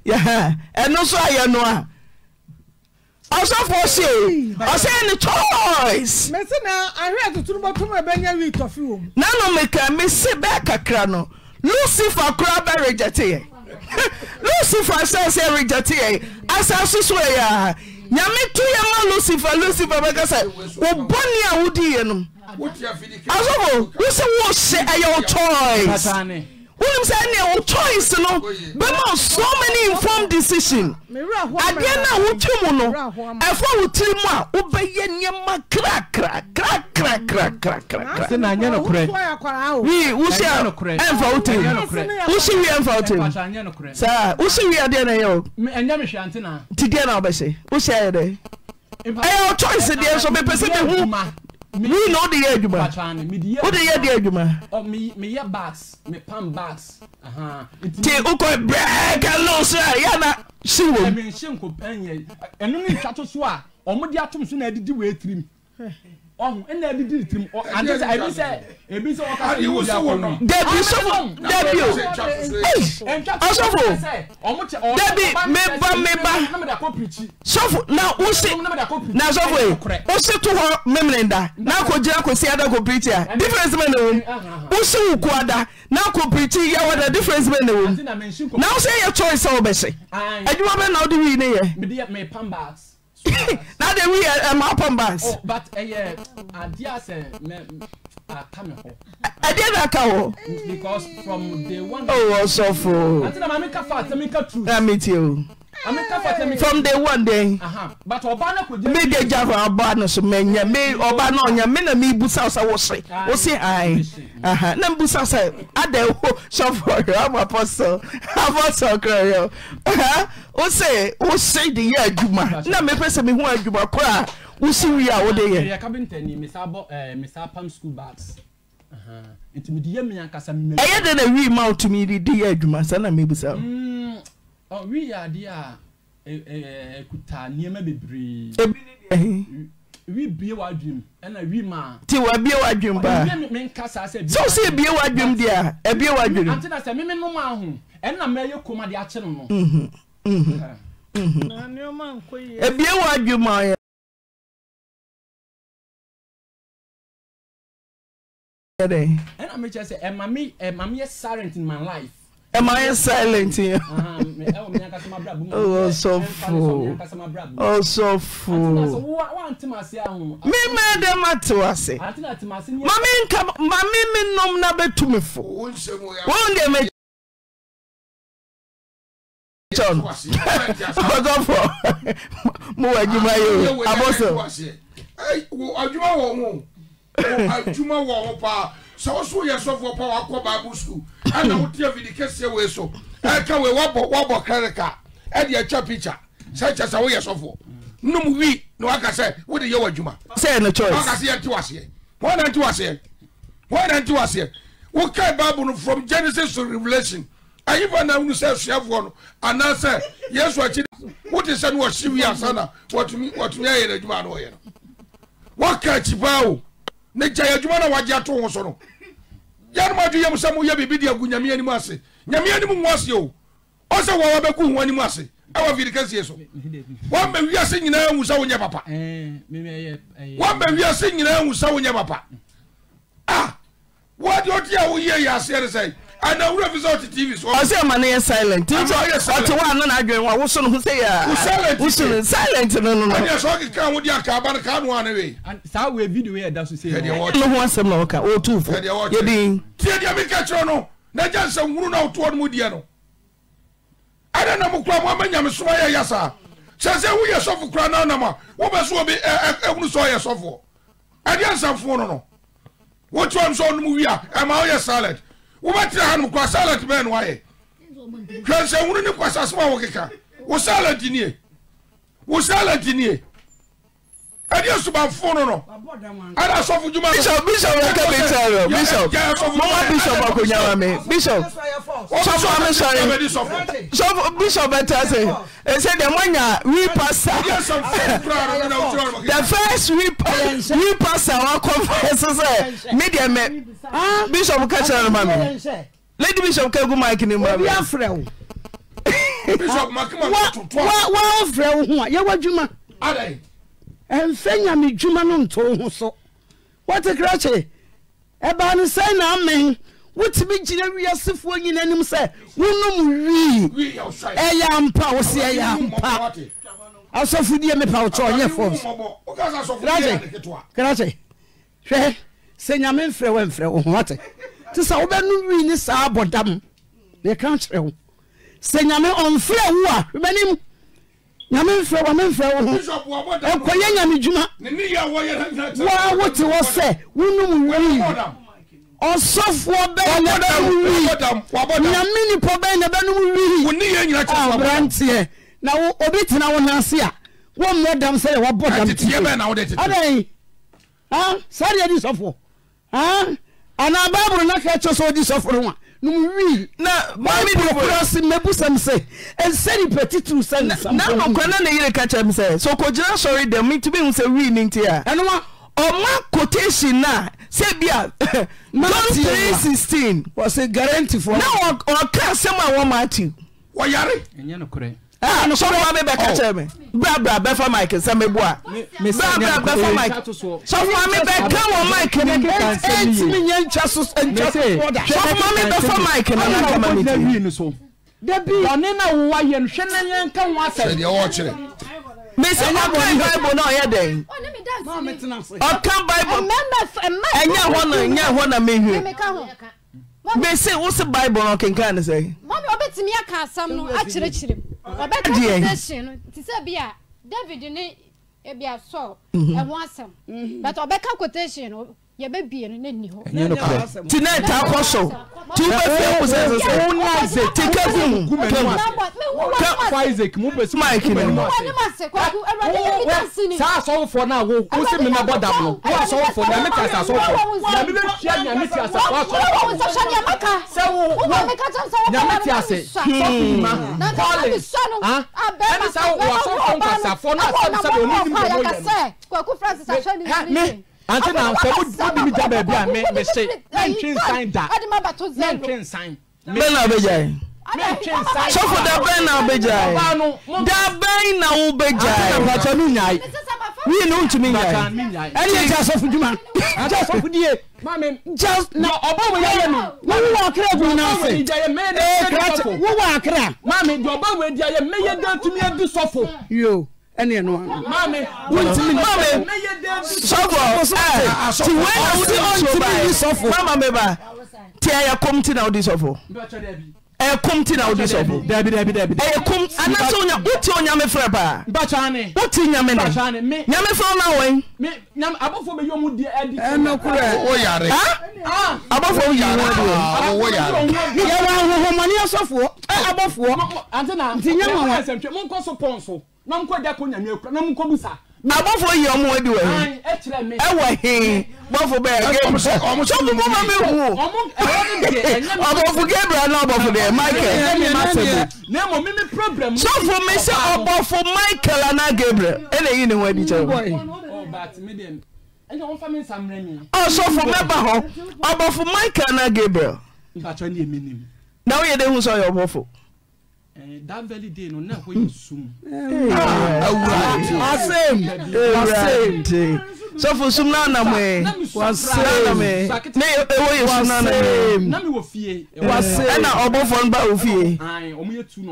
Speaker 4: ɛno
Speaker 2: nso ayɛ no a ɔsɔfoɔ se ɔsɛɛ ne choice na no meka mese bɛɛ kakra no lucifer koraa bɛ regyeteɛ lucifer sɛsɛ regyeteɛ asase so ɛyɛa nyame to yɛ ma lucifer lucifer bɛka sɛ wo bɔne a wodiiɛ nom
Speaker 6: ɔsɔfo
Speaker 5: choice wonim sɛ ɛneɛ wo choice no bɛma so many informed decision
Speaker 6: adeɛ no a
Speaker 4: wotwe mu no
Speaker 2: ɛfa wo tiri mu a wobɛyɛ nneɛma krakrakrakrakrakrawohyɛ
Speaker 5: ɛmfa wo tirim wohyɛ wie ɛmfa wo tirim saa wohyɛ wie adeɛ no ɛyɛ o
Speaker 2: nti deɛ na wobɛhyɛ wohyɛ ɛyɛ dɛ ɛyɛ
Speaker 5: wo choice deɛ nso mepɛ sɛ mehu mi oh, uh-huh. e na o de yɛ adwuma o de yɛ de adwuma. ɔ mi mi yɛ bags mi pan bags. ti o kɔ bɛɛ kɛ lɔɔso a yana si wo. ɛmi n se nko pɛn yɛ ɛnu ni ntwa to so a ɔmo de ato mi so na ɛdidi wo etirim ọhún ẹnna ẹbi di ti mu ọ àti sẹ ẹbi sẹ ẹbi sẹ ọkà sẹ ìwú yà kọ nù. dẹbi sọfọ dẹbi o ọsọfọ dẹbi mẹba mẹba sọfọ na o se na sọfọ yi
Speaker 2: o se tu hɔ mẹmìnrin n'a ko jira ko si ada ko piriti a difference bɛ ne wo o se wu ko ada n'a ko piriti yawa da difference bɛ ne wo n'aw se yɛ choice a o bɛ se adwuma bɛ n'aw de wi ne
Speaker 5: yɛ na de wi ẹ ma pọ mbans. but ẹ uh, yẹ adi asẹ mẹ ata mi hɔ. ẹ di ẹna ka because from day one. o wọ
Speaker 2: sọfọ. àti na
Speaker 5: maami ka fa àti mi ka tu. ẹ mi ti o. from da 1n den mɛba yafa aba
Speaker 2: no so mnyɛ ɔba na ɔnya mena mebusawo sɛ ah, wose wose a na mbusaw sɛ ada ho suf m apost aposl kɛ osɛ wose de yɛ adwuma na mɛpɛ sɛ mehu adwuma koraa wosi wi a wode yɛ ah,
Speaker 5: eh, ɛyɛ dɛn na
Speaker 2: wi ma wotumi de yɛ adwuma saana mebusaw
Speaker 5: wi yɛ adeɛ a ɛkuta nneɛma bebree. ebi ni deɛ. wi bie w'adwim ɛna wi ma. ti wa bie w'adwim ba. ɛbi mi nka saa sɛ. sɛ o si ebie w'adwim deɛ ebie w'adwim. ante na sɛ mímí numu ahu ɛna mɛ yɛ kɔma de akyere no.
Speaker 4: Mhm, mhm,
Speaker 5: ah. mhm. na nneɛma nko yie. ebie
Speaker 4: w'adwim a yɛ. ɛna
Speaker 5: mi kyerɛ sɛ ɛma mi ɛma mi yɛ silent in my life
Speaker 2: am I silent here?
Speaker 5: ọsọfo oh,
Speaker 2: ọsọfo oh,
Speaker 5: mímẹ dẹ ma te wa se mami nka mami mi nom
Speaker 2: na bẹ tu mi fo
Speaker 5: wọn de mi.
Speaker 4: ọsọfo
Speaker 6: mo wà juma yi o abosom. adwuma wọ̀ wọn adwuma wọ̀ wọn paa. sɛ wo so woyɛ sɔfoɔ pa wakɔ bible school ɛna wote avidi kɛseɛ wei so ɛka wei woabɔ woabɔ krɛdika ɛde atwa picture sɛ kyɛ sɛ woyɛ sɔfoɔ nom wi na waka sɛ wode yɛ w'adwuma sɛ no choicewaka sɛ yɛnte waseɛ wɔna nte waseɛ wɔna nte waseɛ wokae bible no from genesis to revelation ayifa na wunu sɛ asuafoɔ no anaasɛ yesu akyi wote sɛ no wɔhye wi asa na watumi ayɛ no adwuma a na wɔyɛ no waka akyi paa o ne gya adwuma na wagye ato ho so no yɛnom adwo yɛm sɛ moyɛ biribi de agu nyame anim ase nyame anim nwo ase o ɔ sɛ wɔa wabɛku ho anim ase ɛwɔ firi kɛsie so wama wiase nyinaa hu sɛ wonyɛ papa eh,
Speaker 5: eh, eh.
Speaker 6: wama wiase nyinaa hu sɛ wonyɛ papa a wɔde ɔte a yɛ aseɛ ne sɛe ana wura fi sɛ ɔte tv so. ɔsɛ ɔma ne yɛ
Speaker 2: silent tí nso ɔte wa ano na adwene wa woso no ho sɛ yɛ a silent woso no
Speaker 6: silent no no no. ɛni ɛsɛ ɔkeka aho di akaaba no kaa no wa ne wei. saa wo video yɛ da so se. ɛni ho
Speaker 2: asɛm na ɔka ɔtu fo yɛdi.
Speaker 6: tiɛ deɛ mi kɛ kyerɛ no n'agya nsɛm wuru na ɔtoɔ no mu diɛ no ɛna nam kura mu ama nyame soma yɛ yɛ saa sɛ sɛ woyɛ sɔfo kura na nam a wobɛ so obi ɛhunu sɛ ɔyɛ sɔfoɔ ɛdeɛ nsɛmfoɔ no no wotu ɔno sɛ ɔnom wi a ɛma ɔyɛ silent wobɛtena ha nom kora salad bɛɛ no wayɛ hwɛ nsɛnwunu ne kwasasɛm a wokeka wo salad nie wo salad nie ɛdi asubanfo no no ɛna asɔfo juma. bishop bishop yɛ kɛ mi tɛ ɛrɛ bishop mɔmɔ bishop akonyama mi bishop sɔfo ami sɔri
Speaker 2: sɔfo bishop bɛ tɛ se ɛsɛ dɛ mo nya wii pasta the first wii pasta wa kɔ fɛ sisan mi deɛ mɛ bishop kɛkyɛrɛ ma mi lady bishop kɛgu mic ni ma mi. wa wa wa ɔfrɛ wo ho a yɛ wa juma ɛmfɛ nyame dwuma no nto ho so wote krakye ɛbaa no sɛn na amen wotumi gyina wiasefoɔ nyina anim sɛ wonom wii
Speaker 6: ɛyɛ ampa wo se ɛyɛ ampa
Speaker 2: asɔfo die mepa wo kyɛ ɔnyɛ
Speaker 6: fɔm krakye
Speaker 2: krakye hwɛ sɛ nyame mfrɛ wo mfrɛ wo ho wate sɛ wobɛno wii ne saa abɔdam meka kyerɛ wo sɛ nyame ɔmfrɛ wo a hwemanim nyame mfrɛ wɔ memfrɛ wo
Speaker 6: ho ɛnkɔyɛ nyame dwuma woa wote hɔ sɛ
Speaker 2: wonom wii ɔsɔfoɔ bɛyɛ na bɛnom wii nyame nnipa bɛyɛ na bɛnom wiiabranteɛ na obi tena wo nase a wɔmmɔ dam sɛ wɔbɔ damadayi saa deɛ di sɔfoɔ anaa baabolo na ka kyɛ sɛ ɔdi sɔfo no a nmismasɛm sɛ ɛnsɛnepɛtiti snnanoka na na yere ka kyɛ me sɛ so ɔkɔgyina sɔre dɛm timimu sɛ wii no nti a ɔma quotation [LAUGHS] a sɛ biaj316nɔka sɛm a wɔmaati yare
Speaker 5: Ah, sọfọ oh. mi bẹ kẹkẹ mi
Speaker 2: brabra bẹ fọ maiki sẹmi bu a brabra bẹ fọ maiki sọfọ mi bẹ kẹ wọ maiki ni eti mi nye
Speaker 6: nkyɛ so nkyɛ
Speaker 5: sọfọ mi bẹ fọ maiki ni nkyɛ ma mi ti. debi ɔne na wa yɛn hwɛ na yɛn ka wɔn asɛ. sɛdeɛ wɔɔkyerɛ. mesi ɔkan baibu náà ɔyɛ dɛ.
Speaker 1: ɔkan baibu ɛnyɛ hɔ na ɛnyɛ hɔ na mi hwi bese wosi
Speaker 2: bible na ɔkenkan ne sɛ.
Speaker 1: mɔmi ɔbɛtumi aka asam no akyerɛkyerɛ ɔbɛka station no ti sɛ bia david ne ebi asɔ ɛho asɛm bɛtɛ ɔbɛka quotation no yɛbɛbie no na nni hɔ nti na ɛtaa kɔ
Speaker 5: so nti wobɛfie wo sɛ sɛ sɛ wo ne isaac te ka gumsaa asɔwofoɔ no a wo wo se memɛbɔ dam no wo asɔwofoɔ nyame te asɛ asɔwofoɔ nyame bɛhyia nyame te asɛ woasɔnyame
Speaker 1: te ase ma kɔle ɛne saa wo asɔwofoɔ nkasafoɔ no asɛm sɛde ɔne nim dɛ moyɛ no ante na sɛ wodi mi gya baabi a me me se mentwe nsan da mentwe nsan.
Speaker 5: bɛn na abɛgya yi.
Speaker 1: sɔfo da bɛn na abɛgya yi da bɛn na wo bɛgya yi. ante na mpatsɛ mi nya yi wiye ne ntumi nya yi ɛni ɛgya sɔfo
Speaker 5: juma ɛgya sɔfo die. just na ɔbɔ wo yɛ yɛ mi. wo wɔ akra gu na ase ee kra wo wɔ akra. maami di ɔbɔ wo di ayɛ mɛ yɛ dɛ tumi yɛ di sɔfo. yoo ɛne ɛno wontimi sɔfo ti wei eh, ah, na wode ɔntimi ni
Speaker 2: sɔfo mama meba ti ayɛ kɔm ti na wode sɔfo ɛyɛ
Speaker 5: kom ti na wodi sɔfo dabi dabi dabi ɛyɛ kom anase onya wote onyame frɛ paa wote nyame ne nyame frɛ na wɔn. abɔfo bɛ yɔmu di ɛdi. ɛnu kurɛ o yare. abɔfo yare o wo yare. yɛrɛ ahohomani asɔfo abɔfo. nti nyɛ mɔ wa. mun kɔ so pɔn so n'an kɔ ja ko nyame kura n'an kɔ busa na bɔfo yi ɔmo adi wɔ he ɛwɔ he
Speaker 2: bɔfo bɛɛ gabriel sɔfo mo ma mi hu ɔbɔfo gabriel na ɔbɔfo deɛ michael sɔfo mi sɛ ɔbɔfo michael ana gabriel ɛna eyi ne ho adi kyerɛ
Speaker 5: ɔsɔfo mɛba hɔ
Speaker 2: ɔbɔfo michael ana gabriel na woyɛ de hu sɛ ɔyɛ ɔbɔfo.
Speaker 5: Eh, danbɛli den no na hɔ yɛ sum asɛm asɛm sɔfo sum na anam ɛ wasɛm ne ɛwɔ yɛ sum na anam ɛ ɛna ɔbɔfo no ba wɔ fie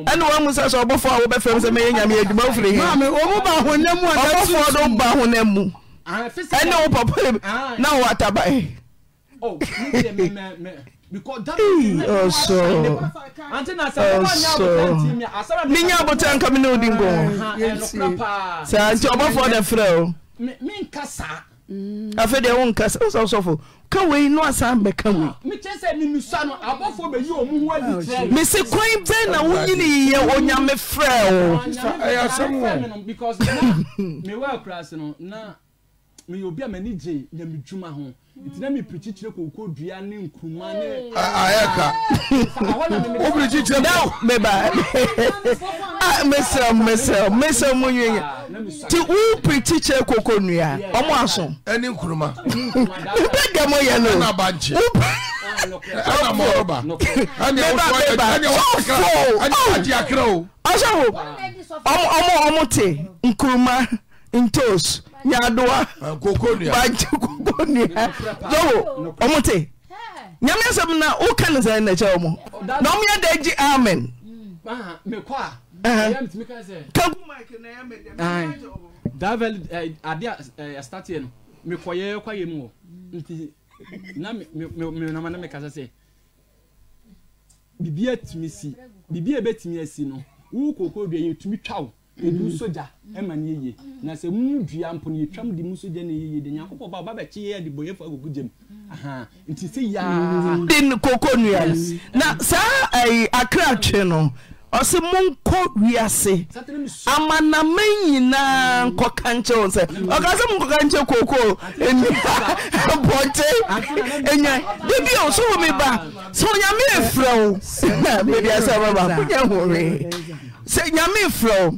Speaker 5: ɛna wɔn mu
Speaker 2: sɛ sɛ ɔbɔfo a wɔbɛfɛ mu sɛ mɛyɛ nyame adwuma ofiri hɛ ɔbɔfo no ba honam mu
Speaker 5: ɛne o papa na o wɔ atabae ɔsɔ menya abotan ka me ne wodi nkɔ
Speaker 2: saa nti ɔbɔfoɔ dɛ frɛ o afei deɛ wonkasa wosa wosɔfo ka wei no asan bɛka wei
Speaker 5: mese kwan bɛn na wonyini yɛ onyame frɛ o mewɔ akura se no na meyɛ obi a m'ani gye nyamedwuma ho na mi pirikyi kyerɛ koko dua ne nkuruma ne. ayɛ ka
Speaker 2: o pirikyi kyerɛ koko. na mbɛba mesrɛm mesrɛm mesrɛm mu nwiye ti o pirikyi kyerɛ koko nua ɔmo aso.
Speaker 6: ɛni nkuruma.
Speaker 2: nbɛ gɛmɔ yɛ no. ɛna ba nkyɛn.
Speaker 6: ɛna mɔrɔba. ɛna wosu ɛna
Speaker 2: wosu ɛna wosu akra o. ɔsɛ wo
Speaker 4: ɔmo ɔmo
Speaker 2: te nkuruma ntos nyadoa bagye koko nua zowo ɔmo te nyame asɛm na woka ne sɛn nɛkyɛ ɔmo
Speaker 5: na ɔmo yɛ da gye amen mm. davel eh, ade ɛstateɛ eh, no mekɔyɛ kwayɛ mu wɔ mm. nti na menama ne mekasa sɛ biribia tumi si biribia bɛtumi asi no wo kokoo dua yɛtumi twa wo edu soja ɛma ne yie na sɛ mu dua mpo no yɛtwam de mu soja ne yie de nyankopɔn ba ɔba bɛkye yɛ de bɔyɛfo agogo gyam aha nti sɛ yaa de
Speaker 2: mm. koko nnua na saa ɛyi akratwe no ɔsɛ monkɔ wiase amanama nyinaa nkɔka nkyɛ wo sɛ ɔka sɛ monkɔka nkyɛ kooko bɔnte ɛnya da bi o so wo me ba sɛ onyame ɛfrɛ wo na baabi asɛ ɔbɛba wonya hore sɛ nyame ɛfrɛ wo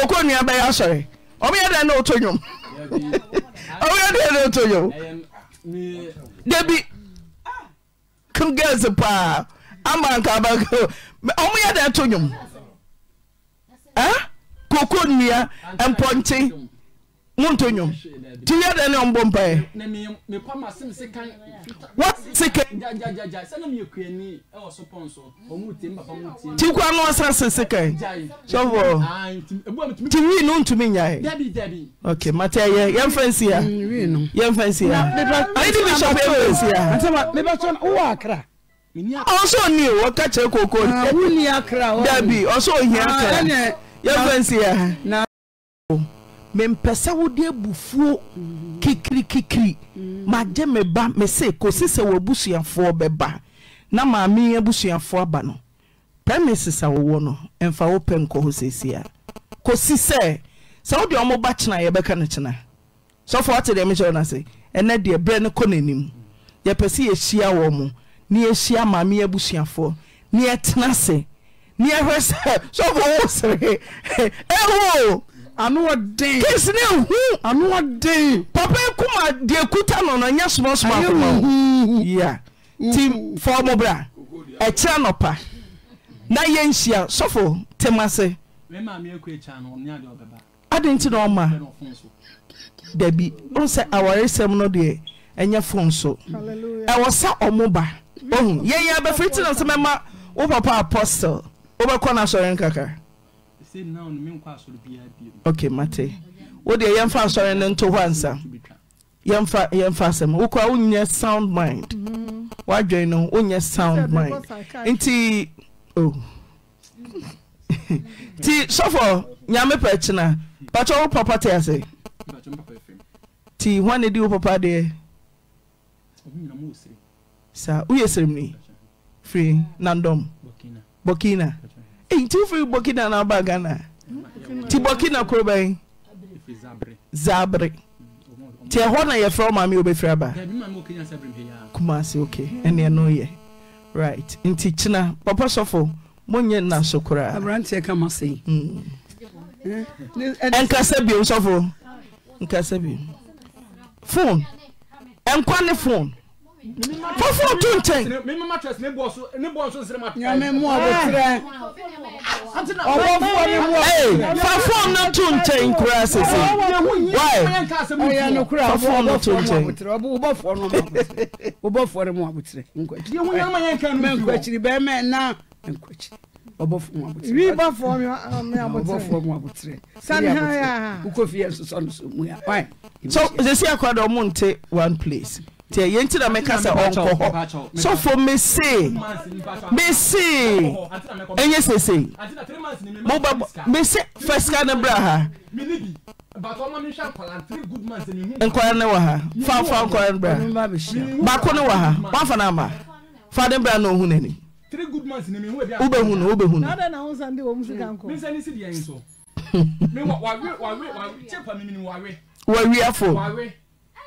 Speaker 2: koko nnua bɛyɛ asɔre ɔmyɛ dɛn ne wotɔ nwom ɔmyɛ dɛn na wotɔ nwom da bi kgas paa amankaba ɔmyɛ dɛn to nwom eh? koko nnua mpɔnte monto nwom ti yɛ dɛ ne ɔmbɔ mpaɛ
Speaker 5: waseke ti kwa no ɔsa se sekan sɔfo ah, e ti wii no ntumi nyae
Speaker 2: ok mate ɛyɛ yɛmfa nsi a yɛmfa nsi ah, a ayi de bishop yɛmfa nsi
Speaker 5: a ɔsɔ ni o
Speaker 2: wɔka kyerɛ koko
Speaker 4: dabi
Speaker 5: ah, ɔsɔ ohia akra
Speaker 2: yɛmfa nsi a mempɛ sɛ wode abufuo kikirikikiri mm. magye me ba me se kɔsi sɛ w'abusuafoɔ bɛba na maame abusuafoɔ aba no premises a wɔwɔ no ɛmfa wo pɛ nkɔ hɔ seesia kɔsi sɛ sɛ wode ɔmo ba kyena yɛbɛka no kyena sɔfo wate deɛ mekyerɛ no ase ɛnɛ deɛ berɛ no kɔ n'anim yɛpɛ sɛ yɛhyia wɔ mo ne yɛhyia maame abusuafoɔ ne yɛtena ase ne yɛhwɛ sɛ [LAUGHS] sɔfo wo sere [LAUGHS] ɛho kes ne hu papa kuma deɛ kuta no no ɛnyɛ somasoma nti fa mɔ berɛ a ɛkyerɛ nɔpa na yɛnhyia sɔfo tem ase
Speaker 5: adɛn nti na ɔma
Speaker 2: dabi ɔhu sɛ awaresɛm no deɛ ɛnyɛ fon so
Speaker 5: ɛwɔ
Speaker 2: sa ɔmo ba ohu yɛyɛ bɛfiri ti no sɛ mɛma wo papa apostle na no asɔre nkaka Okay, mate wo deɛ yɛmfa asɔre no nto hɔ ansa yɛmfa yɛmfa asɛm wokɔa wonyɛ sound mind mhm. woadwene no wonyɛ sound mind nti oh. [LAUGHS] nti sɔfo nyame pɛ kyena bakyɛ wo papa te ase nti hwane di wo papa deɛ saa woyɛ seremni firi nandɔm burkina nti wofiri burkina na aba ghana nti burkina koro bɛn zabre
Speaker 5: nti ɛhɔ na yɛfrɛ ɔma me wobɛfiri aba
Speaker 2: kumase ok ɛneɛ no yɛ right nti kyena papa sɔfo monyɛ nna so koraa mm.
Speaker 3: eh, ɛnkasa bio
Speaker 2: sɔfo nkasa bio phone ɛnkwa ne phone
Speaker 5: fɔfɔ tu nkyɛn. mi mama tɛ ne bɔ so ne bɔ so nsirima. nyame mu a bɛ tirɛ. ɔwɔ fɔ ni mu a. ee fafɔ na tu nkyɛn kura sese. wai ɔyɛ no kura fafɔ na tu nkyɛn. ɔbɛ ɔbɛ fɔ no
Speaker 2: ma bɔ fɔ ni mu a bɛ tirɛ nkɔkyi. mɛ nkɔkyi bɛɛ mɛ na ɔbɔ fɔ mu a bɔ tirɛ. wi bɔ fɔ mi a tirɛ. ɔbɔ fɔ mu a tirɛ. sani ha ya. ukɔ fi yɛ sɔsɔ nisɔn mu ya. so sisi akɔdɔ mu nte one place tí ẹ yẹn ti na mẹka sẹ ọnkọ họ sọfọ mẹsẹ
Speaker 5: mẹsẹ ẹnyẹ sẹsẹ mo bá mẹsẹ fẹsika ne bra ha nkɔla ne wɔ ha fanfa nkɔla ne bra
Speaker 2: baako ne wɔ ha wafa na ama fa ne bra na ohun n'anim
Speaker 5: wobɛ hun no wobɛ hun no. wawiafo.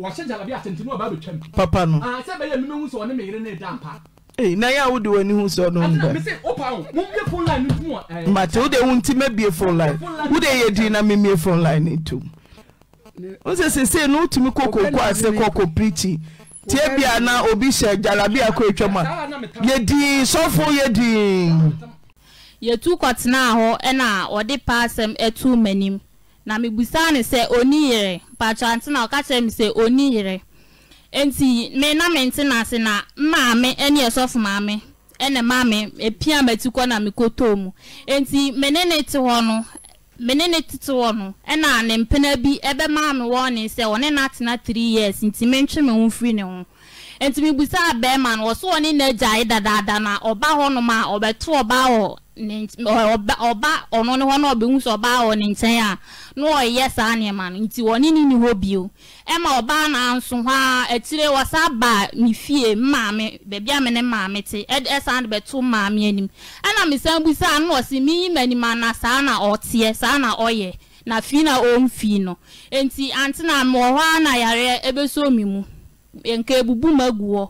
Speaker 5: wɔhyɛ jalabi atentenu ɔba bɛ twɛm. papa no. aa ah, sɛ bɛyɛ mímu sɔ ɔne mi yiri ne da mpa.
Speaker 2: ee eh, na awo de wɔ nihu sɔ ɔno mba. ati na bɛ se
Speaker 5: o o mo bie phone line ni tun wa. Eh. mate o de wo
Speaker 2: nti mɛ bie phone line o de yɛ di na mi mie phone line ni tum.
Speaker 5: o sɛ sese no o tumi koko ko ase koko
Speaker 2: pirikyi tie bia na obi hyɛ jalabi akɔ etwam a yɛ dii
Speaker 7: sɔfo yɛ dii. yɛtu kɔtena hɔ ɛna ɔde paasɛm ɛtu mɛnim na mebisa ne sɛ oni yere mpatwa nti na ɔka kyerɛ me sɛ oni yere nti me na me nte na ase na maame ɛne ɛsɔfo maame ɛna maame epia mɛti kɔ na mekotɔ mu nti me ne ne te hɔ no me ne ne tete hɔ no ɛna ne mpena bi ɛbɛma me wɔ ne sɛ ɔne na atena three years nti mentwe me ho firi ne ho. ntumi busa bɛrima no wɔso wɔne n'agya ayɛ dadaada na ɔba hɔnom a ɔbɛto ɔba wɔ ne ɔba ɔba ɔno ne hɔ na ɔbɛhu sɛ ɔba wɔ ne nkyɛn a na ɔyɛ saa nneɛma no nti wɔne ne ni hɔ bio ɛma ɔbaa na nso hɔ a akyire wɔsa ba ne fie maame beebi a me ne maame te ɛsan de bɛto maame anim ɛna mesan busa na ɔsi miyi mɛnima na saa na ɔteɛ saa na ɔyɛ na fi na ɔmfi no nti antena na mɔ hɔ a na yare ɛbɛso mi mu. yɛnka bubu maguɔ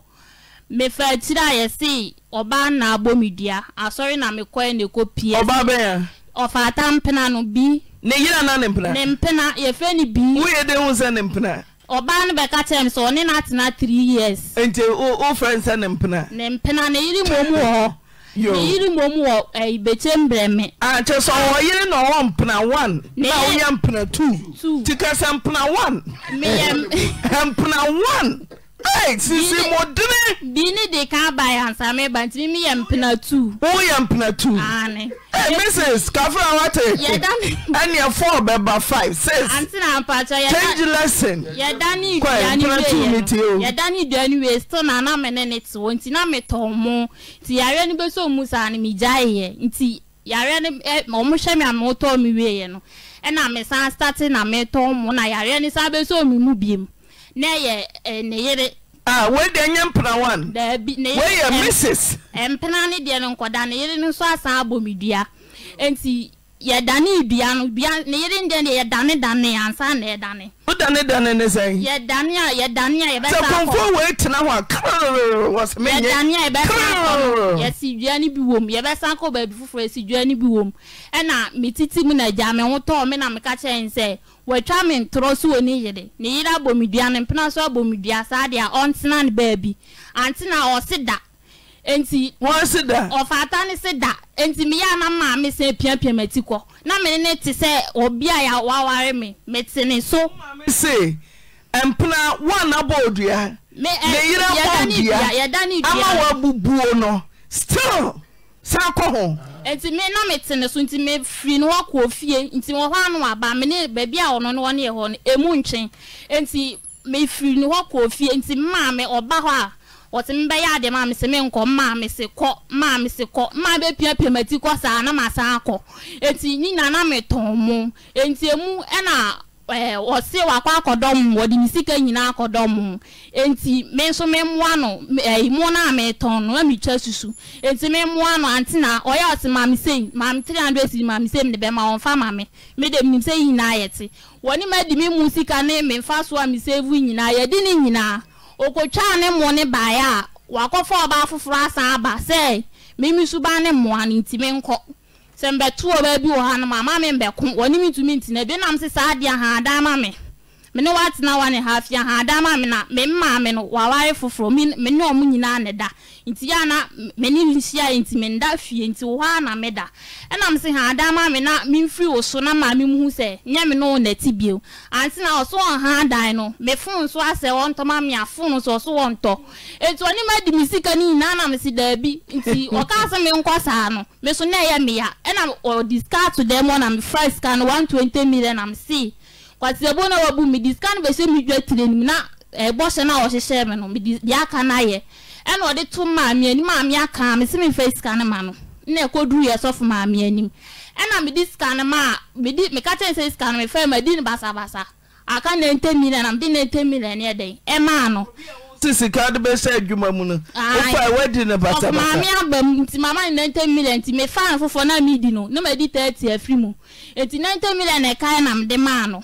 Speaker 7: mefa tiri a yɛse ɔbaa na abɔ me dua asɔre na mekɔɛ na ɛkɔ pie ɔbaa bɛn ɔfa ata mpena no bi ne yira na ne mpena ne mpena yɛfrɛ ne bi woyɛ dɛn hu sɛ ne mpena ɔbaa no bɛka kyerɛ m sɛ ɔne no atena three years nti o n sɛ ne mpena ne mpena ne yere mmom wɔ hɔ ne yere mmom wɔ eh, ibɛkyɛm brɛ me akyɛ ah, sɛ ɔwɔ yere na ɔwɔ mpena one na woyɛ mpena two nti kɛ sɛ mpena one meyɛ [LAUGHS] mpena one Hey, sisi mo dini. Bini de kan ba ya nsame ba ntimi mi yɛ mpena tu. Wo yɛ mpena tu. Aane. Hey, Mrs. Kafra wate. Yɛda mi. Ɛni ɛfɔ bɛba five six. Anti na mpatsɔ yɛda. Change lesson. Yɛda ni duani wei yɛ. Kɔ ɛmpena tu wei still na anamɛ ne ne ti nti na mi tɔn mu nti yare ni bɛ so mu saa ni mi gya yɛ nti yàrá ni ẹ ọmọ hyẹ mi àmọ tọ mi wíyẹ no ẹna e mi san start na mi tọ mu na yàrá ni sábẹ sọ mi mu bìí nɛ ɛyɛ neyereɛmpena ne deɛ no nkɔdaa ne yere no nso asan abo medua nti yɛdane dua no dua ne yere deɛ ne yɛdane dane ansa na yɛdane
Speaker 2: wodane dane ne sɛn
Speaker 7: yɛdane a yɛdane a yɛbɛsɛ kɔmfo wei tena hɔ a yɛdane a yɛbɛsɛ yɛsi dua no bi wom yɛbɛsan kɔ baabi foforɔ yɛsi dua no bi wom ɛna metiti mu na gya me ho tɔɔ me na meka kyɛn sɛ wɔatwa me ntorɔ so wɔ ne yere ne yere abɔ me dua no mpena so abɔ me dua saa deɛ a ɔntena ne baabi ante na ɔse da nti. wọn si da. ọfata ni si da nti mi yá na maame sẹ piapia mi ti kọ na mi ni ti sẹ obi a yà wá mi mi ti ni so. sè mpena wọn abọ odua ne yẹrẹ bọ odua ama wọn
Speaker 2: bubuo no still sá kọ ho.
Speaker 7: nti mi na mi ti ni so nti mi firi ni wọn kọ fie nti wọn hɔ ano aba mi ni beebi a ɔno ni wọn yɛ hɔ no emu nkyɛn nti mi firi ni wọn kọ fie nti maame ɔba hɔ a wɔte mbɛyɛ adeɛ maa mi sɛ mi nkɔ maa mi sɛ kɔ maa mi sɛ kɔ maa bɛ pia pia ma ti kɔ saa na ma saa kɔ eti nyina na mi tɔn mu eti emu ɛna ɛɛ wɔsi wakɔ akɔdɔm mu wɔde mi sika nyinaa akɔdɔm mu eti mi nso mi mua no ɛɛ mu na mi tɔn no ɛmi twa susu eti mi mua no ante na ɔyɛ ɔsi maami sɛyi maami three hundred si maami sɛyi mi de bɛ ma wɔn fa maami mi mi sɛyi mi a mi okotwa ne mo ne baeɛ a wakɔfa ɔbaa foforɔ asan aba sɛ mimi nso ba ne mmoa no nti menkɔ sɛ mbɛto ɔbaa bi wɔ ha no mama me mbɛko wɔne me ntumi ntina bi nam se saa adeɛ ha adan ma me mene watena one half year ha da ma me na me mma me no waware foforo me ne omu nyina ne da nti ya na me ne nhia nti me nda fie nti wo ha na me da ɛna se ha da me na me mfiri wo so na ma me mu sɛ nyɛ me no na ti bio anti na ɔso on ha dan no me fon so asɛ wɔn tɔ ma me afon so ɔso wɔn tɔ etu ani ma di me sika ni na na [LAUGHS] me se da bi nti ɔka sɛ me nkɔ saa no me so na ɛyɛ me ya ɛna ɔ discard to them na me first one twenty million am see kwatiabo na wabu mi di scan bɛ sɛ mi dwa tire na ɛbɔ eh, hyɛ na ɔhyehyɛ mi no mi di deɛ aka na ayɛ ɛna ɔde to maame anim maame aka mi si mi fɛ scan ma no na ɛkɔ duru yɛ sɔfo maame anim ɛna mi di scan ma a mi di mi ka kyɛn sɛ scan mi fɛ mi di ni basabasa aka na nte million na mi di na nte million yɛ den ɛmaa e no.
Speaker 2: ti sika de bɛ sɛ adwuma mu no ofa ɛwɛ di ne basabasa. maame
Speaker 7: aba mu nti maama ni nte million nti mi fa foforɔ na mi di no e e na mi di thirty afiri mu eti nte million na ɛka yɛ na mi di maa no.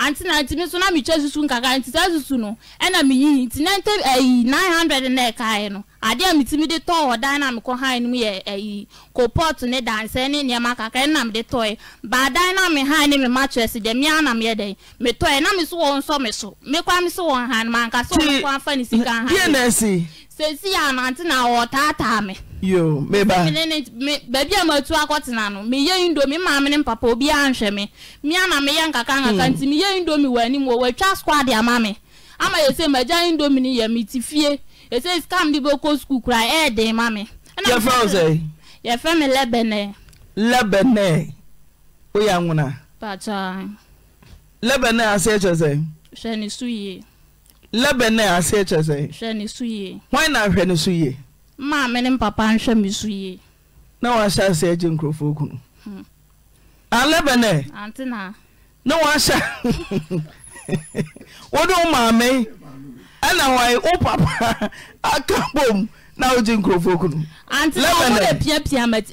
Speaker 7: anti na nti mi nso na mi twɛ susu nkaka nti sɛ susu no ɛna mi yiyi nti na nte ɛyi nine hundred na ɛka yɛ no adeɛ a mi ti mi de tɔɔ wɔ dan na mi kɔ han no mu yɛ ɛyi kopɔt ne dansɛ ne nneɛma kaka ɛna mi de tɔɔ yɛ baa dan na mi han ne mi matress deɛ mi ana mi yɛ dɛ mi tɔɔ yɛ na mi so wɔn nsɔ mi so mi kɔ mi so wɔn han ma nka so wɔn kɔ afa ne sika han. diɛ sɛ si anante na ɔtaataa mi.
Speaker 2: yo meba me
Speaker 7: ne me baabi a matu akɔtena no meyɛ indomi maame ne papa obiara nhwɛ me mea na meyɛ nkaka nkaka hmm. nti meyɛ indomi wɔ anim wɔ wɔatwa squad eh. ama me ama yɛ sɛ magya indomi no yɛ me ti fie yɛ sɛ scam de bɛkɔ sukuu kora ɛɛden ma me
Speaker 2: yɛfrɛ wo sɛ
Speaker 7: yɛfrɛ me lɛbɛnɛ
Speaker 2: lɛbɛnɛ woyɛ anwona
Speaker 7: pakyɛ
Speaker 2: lɛbɛnɛ ase kyerɛ sɛ
Speaker 7: hwɛ ne so yie
Speaker 2: lɛbɛnɛ ase kyerɛ sɛ
Speaker 7: hwɛ ne so yie
Speaker 2: hwan na hwɛ ne so yie
Speaker 7: maa ne papa nhwɛ me so yie
Speaker 2: na wahyɛ ase agye nkurɔfoɔ kunu hmm. alɛbɛnɛ na wahyɛ [LAUGHS] wode wo maame ɛna
Speaker 7: wae wo papa [LAUGHS] aka bom na nkurɔfoɔ kunu piapia ɛ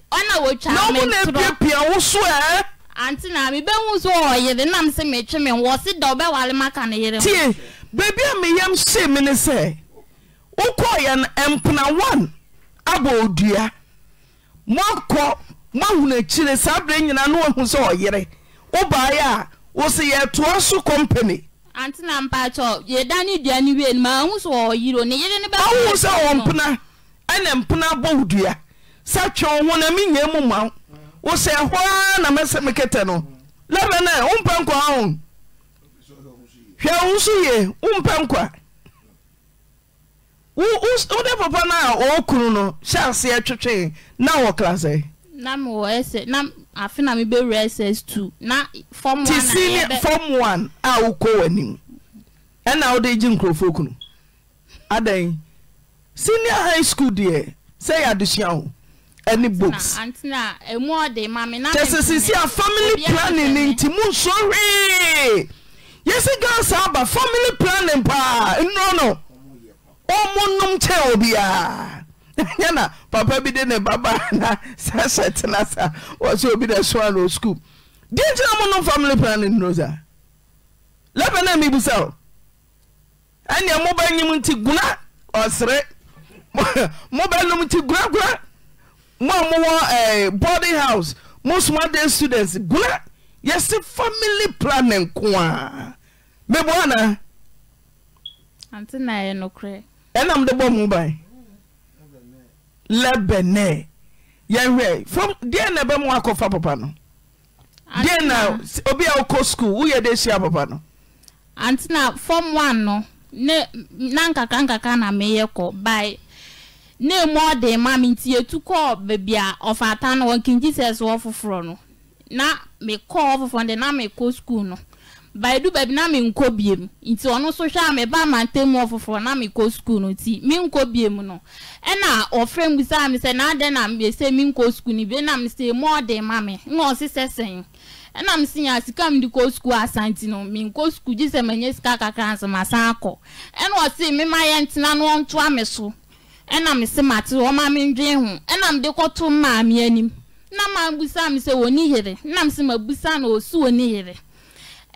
Speaker 7: ante na ɔyere nam wɔ da yere tie a
Speaker 2: sɛ abɔ odua moakɔ moahunu akyire saa berɛ nyina na woahu sɛ ɔyere wobaeɛ a wo se yɛtoa so kɔmpany
Speaker 7: wohu sɛ wɔ mpena sɛ na
Speaker 2: mu ma wo sɛ ɛhɔ ara na mɛsɛ me ketɛ no lɛbɛ nɛ hwɛ so wode papa no a ɔwɔ kunu no hyɛ aseɛ twetwee na wɔ klasɛ
Speaker 7: nti sene form
Speaker 2: one a wokɔ w'anim ɛna wode gye nkurɔfoɔ kunu adɛn senior high school deɛ sɛ yɛ adesua ho ne bookskyɛ
Speaker 7: sɛ sesi a family planning ne nti mu nsɔ hwee
Speaker 2: yɛsi ga aba family planning paa nnuro no ɔmonom kyɛ obiayɛna papa bi de ne babayɛeask dkyina monom family plannasa nɛ mobym nti ga sermobnom [LAUGHS] nti gaga moamohɔ eh, boardy house mosmada students ga yse family planekoaa ɛnam de bɔ mu ban lɛbɛnɛ yɛnhwɛ fam deɛ na ɛbɛmu akɔfa papa no deɛ na obi a wokɔ skuul woyɛ de ahyia papa no
Speaker 7: ante na fam one no ne na nkaka nkakra na meyɛ kɔ bae na emu ɔde ma me nti etu kɔɔ baabi a ɔfa ata no wɔn kingi sɛ so wɔ foforɔ no na mekɔɔ foforɔ de na mekɔ skuul no baidu baabi na mi nkɔ nti ɔno nso hwɛ a mi ba ɔfoforɔ na mi no ti mi nkɔ no ɛna ɔfrɛ mu sɛ sɛ na mi sɛ mi bi na mi sɛ mu ɔde ma mi na ɔsi sɛ sɛn ɛna mi sɛ mi kɔ sukuu asanti no mi nkɔ sukuu sɛ sika kakra nso ma ɛna ɔsi mi ma yɛ ntena no ɔntoa mi ɛna mi ma te ɔma mi ɛna mi de maame na maa busa mi na mi sɛ ma busa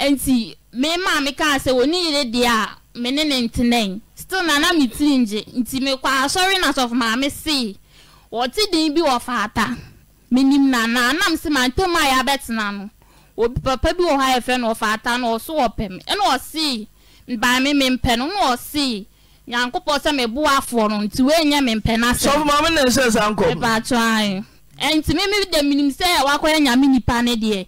Speaker 7: nti me maame kaa sɛ wɔn nyere deɛ a me ne ne ntenɛn still nana me tiri ngye nti me kɔ asɔre na sɔfo maame si wɔte den bi wɔ faata menim nana anam se ma ntɛm a yɛabɛtena no obi papa bi wɔ hɔ a yɛfrɛ no ɔfaata no ɔso wɔ pɛm ɛna ɔse mbaame me mpɛ no na ɔse nyankopɔn sɛ mebo afoɔ no nti woanya me mpɛ no asɛm sɔfo maame na ɛhyɛ saa nkɔm mepaatwa ɛnti me me da menim sɛ wakɔyɛ nyame nipa ne deɛ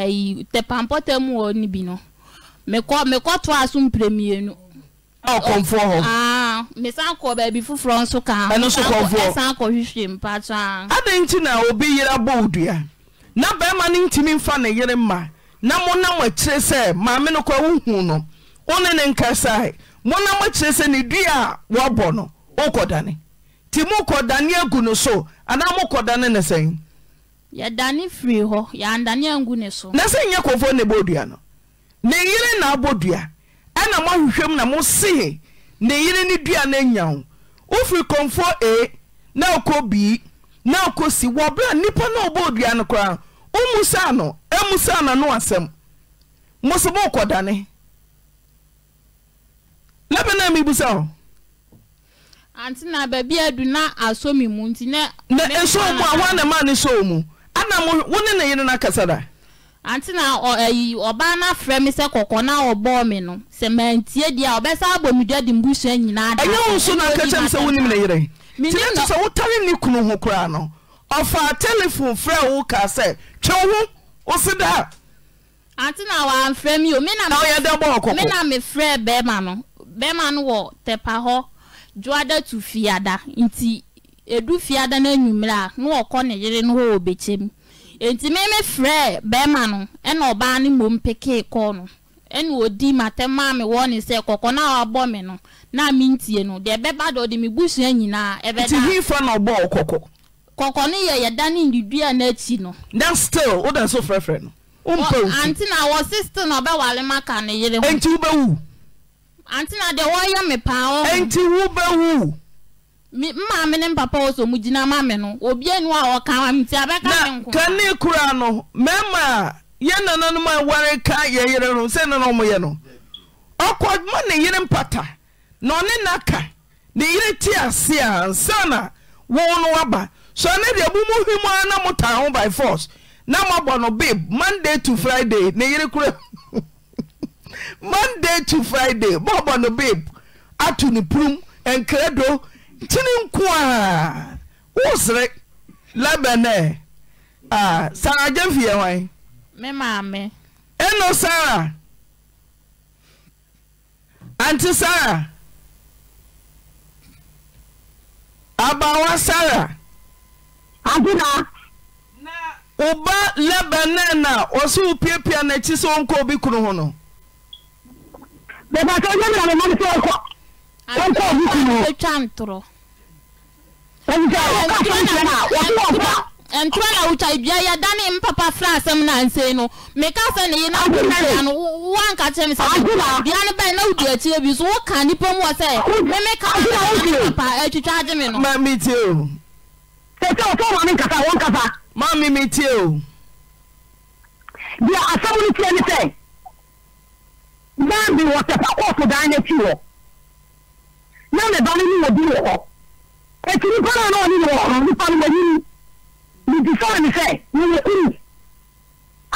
Speaker 7: ɛyi tɛpampɔtɛm wɔ ne bi no mekɔ mekɔ to aso mpremienu. ɔ kɔnfoɔ hɔ. Ah, mesan kɔ baabi foforɔ nso kan. ɛno nso kɔnfoɔ ɛsan kɔ hwehwɛ mpatsa.
Speaker 2: adan nti na obi yera bɔ odua na barima no ntumi mfa ne yere ma na mo nam akyire sɛ maame no kɔ wohu no wo ne ne nkasae mo nam akyire sɛ ne dua a wɔabɔ no wokɔdane nti mokɔdane so anaa mokɔdane ne sɛn
Speaker 7: yɛdane firi hɔ yɛandane angu ne so na sɛ
Speaker 2: nyɛ kɔfoɔ ne bɔɔdua no
Speaker 7: ne yere na
Speaker 2: abɔdua ɛna moahwehwɛm na mosee ne yere ne dua no anya ho wofiri kɔmfoɔ e na ɔkɔ bii na ɔkɔ si wɔberɛ a nnipa na ɔbɔɔdua no koraa womu saa no amu saa na no asɛm mo so mookɔdane na bɛ na mibusa ho
Speaker 7: ante na baabi adu na asɔ me mu nti nɛ na ɛsɔɔ mu a ho anama ne sɔɔ mu ana wo ne ne yere no akasa da anti na ayi e, ɔbaa no afrɛ me sɛ kɔkɔ na ɔbɔɔ me no sɛ mantie deɛ a ɔbɛsa abɔ medua de mbusua nyinaa da ɛnyɛ wo so no aka kyɛ me sɛ wonim
Speaker 2: ne yere tinɛto sɛ wotare ne kunu ho koraa no
Speaker 7: ɔfaa telefone frɛ wo ka sɛ twɛ ho wo se da anti na wɔamfrɛ mi o mena mefrɛ bɛrima no bɛrima no wɔ tɛpa hɔ dwoada to fiada nti edu fiada n'enyimire a na ɔkɔ ne yere no hɔ wɔ bɛkyɛ mmemme frɛ bɛrima no ɛna ɔbaa ne mmom pekee kɔɔ no ɛna odi matam maame wɔ ne sɛ kɔkɔ nyinaa ɛbɛda na ɔbɔ kɔkɔ no yɛ yɛda ne ndidua n'akyi no na still frɛfrɛ no na wɔ still maka ne ho anti na deɛ wɔyɛ paa maame ne mpapa wɔ so mu gyina ma me no obianu a ɔka me nti abɛka me na
Speaker 2: kane kura no mmarima a yɛ nananom a ɛware ka yɛ yere no sɛ ne na ɔmoyɛ no ɔkɔ ma ne yere mpata na ɔne naka ne yere te ase a nsa na wo no waba so ne deɛ bu mu hwi mu a na motaa ho by force na moabɔ no babe monday to friday ne yere kura [LAUGHS] monday to friday moabɔ no babe ato ne purum nkrɛdo tini nko a wo sere a sara gya fie wan
Speaker 7: memaame
Speaker 2: ɛno sara
Speaker 4: ante sara abawa sara agena
Speaker 2: na ɔse wo piapia na sɛ wonkɔ obi hụ nọ no
Speaker 7: bɛbɛsɛ ɔnyɛ mena na ne obi ntura na wotwa dua yɛdane mpapa fra asɛm no no meka sɛ ne yena no woanka kyerɛ me no na wodi akyirɛ bi so woka nnipa mu wɔ sɛ me atwitwa agye me no me deɛ asɛm no ne sɛ wɔ
Speaker 4: na ne ba no ne eti nipa naa naa ɔne wɔ hɔ nipa no n'anim ne bisaa ne sɛ wɔwɔ kuru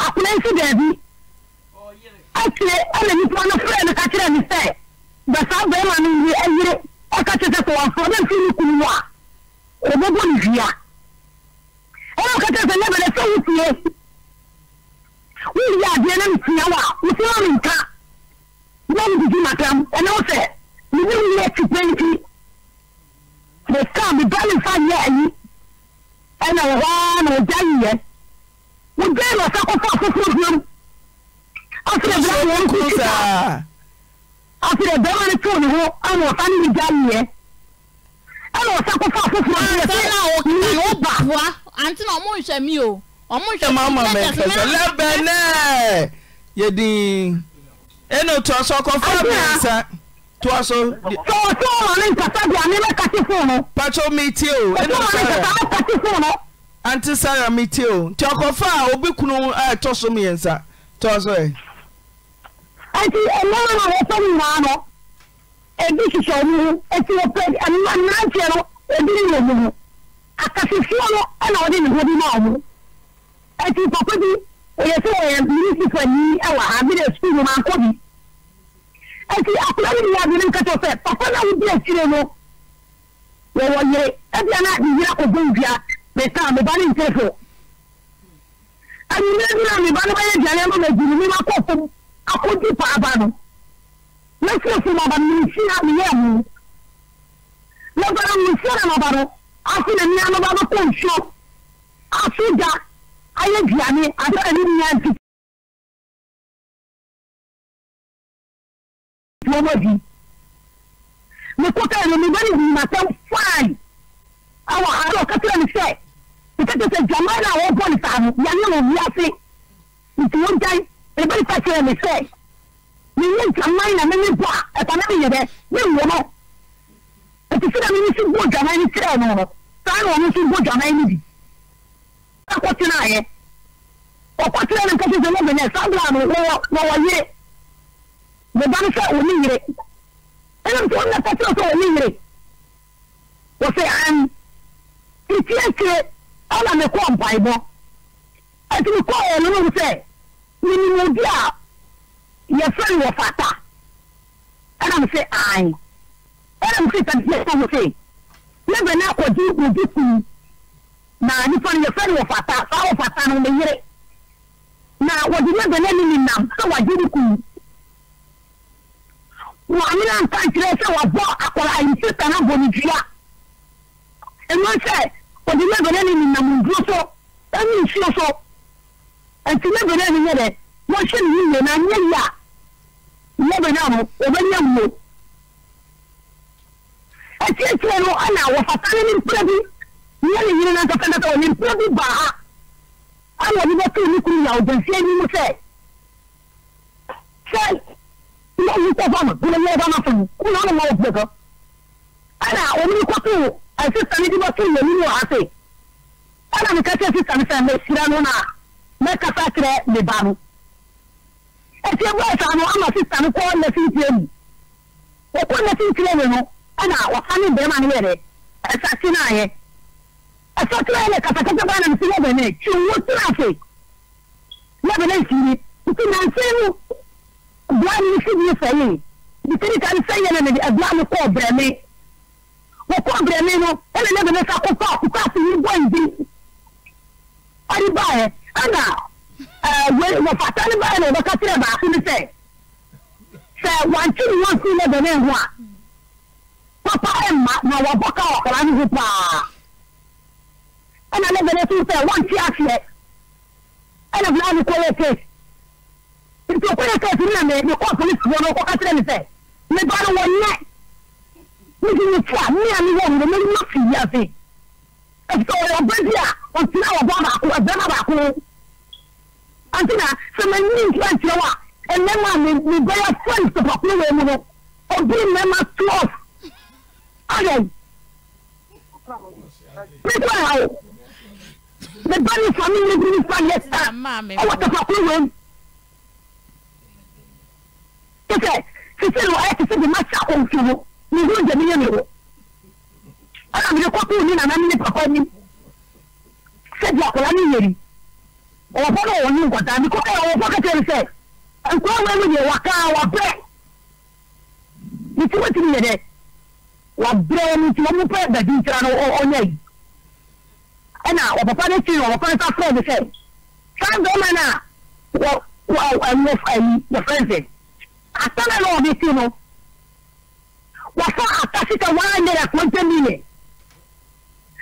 Speaker 4: akona nsi baabi akyire ɛna nipa no frɛ no ka kyerɛ ne sɛ basaa bɛrima no yie ayere ɔka kyerɛ sɛ sɛ wɔmfa ɔbɛ mfi ne kuru wɔ a ɔbɛbɔ ne dua ɛna ɔka kyerɛ sɛ nyɛ bɛrɛ sɛ wotie woyɛ adeɛ na metia wɔ a wotia me nka na medidi matam ɛne wo sɛ mede woyɛ akyi pɛ nti meka mebɛne mfa nyɛ ayi ɛna wɔ hɔ na ɔgya yiyɛ wogyae na ɔsɛ kɔfa afoforɔ biom ɔserɛ bra wɔ nkosaa
Speaker 7: ɔserɛ bɛma no too ne ho ana ɔsa ne ne gya yiyɛ ɛna ɔsɛ kɔfa afoforɔ ante na ɔmo nhwɛ mi o ɔmo nhwɛ mi o ɛkɛsɛ lɛbɛnɛ yɛdin ɛna
Speaker 2: otu ɔsɔ kɔfa mmiɛnsa toa so. sọ o wọn ní nkata bi àmì mẹ́kàtí fún un. pàtó mi tí o. sọ wọn ní nkata mẹ́kàtí fún un. anti sara mi tí o tí ọkọfà obi kunu a eh, ẹtọ so mmiɛnsa toa so yẹ. àti ẹ̀mọ́ra náà
Speaker 4: wọ́n fẹ́ nyinaa nọ ebi hyehyɛ ɔmo ho eti wɔ pɛ ɛmma mmeranteɛ no ebi ne yɛ ɔmo ho akasifoɔ no ɛna ɔde ne ho bi ma ɔmo eti papa bi oyɛ sɛ ɔyɛ minisita yi ɛwɔ ha bi na sukuu nti akora no nyinaa bi ne nkatɔ sɛ papa no a wodi akyire no wɔwɔ yere ɛbia na meyera kɔbɔ ndua metaa meba ne nkyerɛfo anwummerɛ bi na meba no bɛyɛ aduane ama magyiri me makɔ fam akɔgye paaba no mɛsrɛ fom aba no menhyia meyɛ mo lɛba no menhyia na maba no afe na nnua no ba bɛkɔ nsuo afe da ayɛ aduane adɛ na ne nnua nti wɔwɔ bi mekɔka no mebɛne nyimasɛm fae awɔ ade ɔka kyerɛ me sɛ mekɛte sɛ dwaman a wɔbɔ no saa no yɛne no wiase nti wogyae mebɛne ka kyerɛ me sɛ meyɛ dwaman na mene bɔ a ɛfa na meyɛ dɛ menwo no nti sɛ na mene so bɔ dwaman no kyerɛ no no saa na ɔno nso bɔ dwaman no bi akɔtenaayɛ ɔkɔtena no nkɛte sɛ mobɛnyɛ saa bla no wɔwɔ bàbá mi sẹ òní yèrè ẹnum tó ń lẹsẹ sí ọsọ òní yèrè wọ́n sẹ ẹn ìtìẹ̀tìẹ̀ ọ̀nà mi kọ́ mpaebọ ẹtì mi kọ́ ọ̀nà mi sẹ nínú obi a yẹ fẹ́ wọ fata ẹnna mi sẹ ayin ẹnna mi sẹ tàbí yẹ fẹ́ wọ fẹ́ lẹ́gbẹ̀ náà kọ̀ di ojú kù na nípa yẹ fẹ́ wọ fata sáwọ fata ni wọ́n yẹrẹ na wọ́n di lẹ́gbẹ̀ náà ni nìyàm sẹ wọ́n di ojú kù maame na nka nkyerɛ sɛ wabɔ akwaraa yi sista na bɔ ne dua ɛnu sɛ ɔde mɛbɛrɛ ne nenam nduo so ɛne nsuo so ɛnti mɛbɛrɛ ne yɛ dɛ wɔhyɛ ne yiye na nyɛ yie a mɛbɛrɛ a mo ɔbɛnya mo akyerɛkyerɛ no ɛna wɔfata ne ne mpira bi nyɛ ne yere na nkasanasa wɔ ne mpira bi baa ha ɛna ɔde bɛtoo ne kuru yɛ ɔdansi anim sɛ sɛ na yi ta fama kuma yi zama sun kuma wani mawa fiye ka ana wani kwato a sista ni diba sun yanni wa ase ana ni kace sista ni sai mai sira nuna na kasa kire ne ba mu e ce ba sa no ama sista ni ko wanda sun tiye ni ko ko na sun tiye ne no ana wa fani da ma ni yare a sa tina ye a sa tina ne kasa kasa ba na musu ne ne ciwo tina fe ne ba ne shi ni kuma sai mu abua ni si bi sɛyi di tiri kan sɛyi na di abua ni kɔ brɛmi wɔ kɔ brɛmi no ɛna ne bɛnɛ sa kɔ paaki paaki yi bɔ ndi ɔdi ba yɛ e, ɛna ɛɛ e, wɔ wɔ fata ni ba yɛ e na ɔbɛka kyerɛ baako ni sɛ sɛ wanti ni wɔn si ne bɛnɛ ho a papa ɛma na wɔbɔ ka ɔkara ni ho paa ɛna ne bɛnɛ so sɛ wanti aseɛ ɛna bla ni kɔ yɛ kɛse nti okɔ yɛ kɛse na mɛ mekɔ polisi wɔ no ɔkɔka kyerɛ me sɛ meba no wɔ nnɛ mede me fo a me a mewɔ mde mɛnya fi wiase ɛfisɛ ɔyɛ ɔba bi a ɔtena wɔ bɔ baako ɛbɛma baako anti na sɛ manyi nkira nkyerɛ wo a ɛmɛma a mebɛyɛ friends papakoro wɔ mu no ɔbi mmɛma twelve ayɛ mɛtɔ ha o meba ne family bi nipa yɛ sa ɔwɔ tapakoro wɔ mu sisɛ sisi no ɔyɛ sisi de ma sa kɔnfi wo ne ho jɛ ne yɛ ne mi de kɔpu ni nana mi ne papa ni sɛbi akɔla ni yɛri ɔwɔ fɔ n'owó ni nkɔta mi kɔ ɛyɛ ɔwɔ fɔ kɛtɛ sɛ nkɔla wo ni yɛ wa kaa wa brɛ ne ti wo ti mi yɛ dɛ wa brɛ ne ti wo mu pɛ bɛbi ntira no ɔnyɛ yi ɛna ɔpapa ne ti ɔwɔ fɔ ne ta fɔ ne sɛ saa dɔɔma na wɔ wɔ ɛyɛ ɛyɛ fɛn fɛn asana na ɔde si no wɔfa ata sika one hundred and twenty million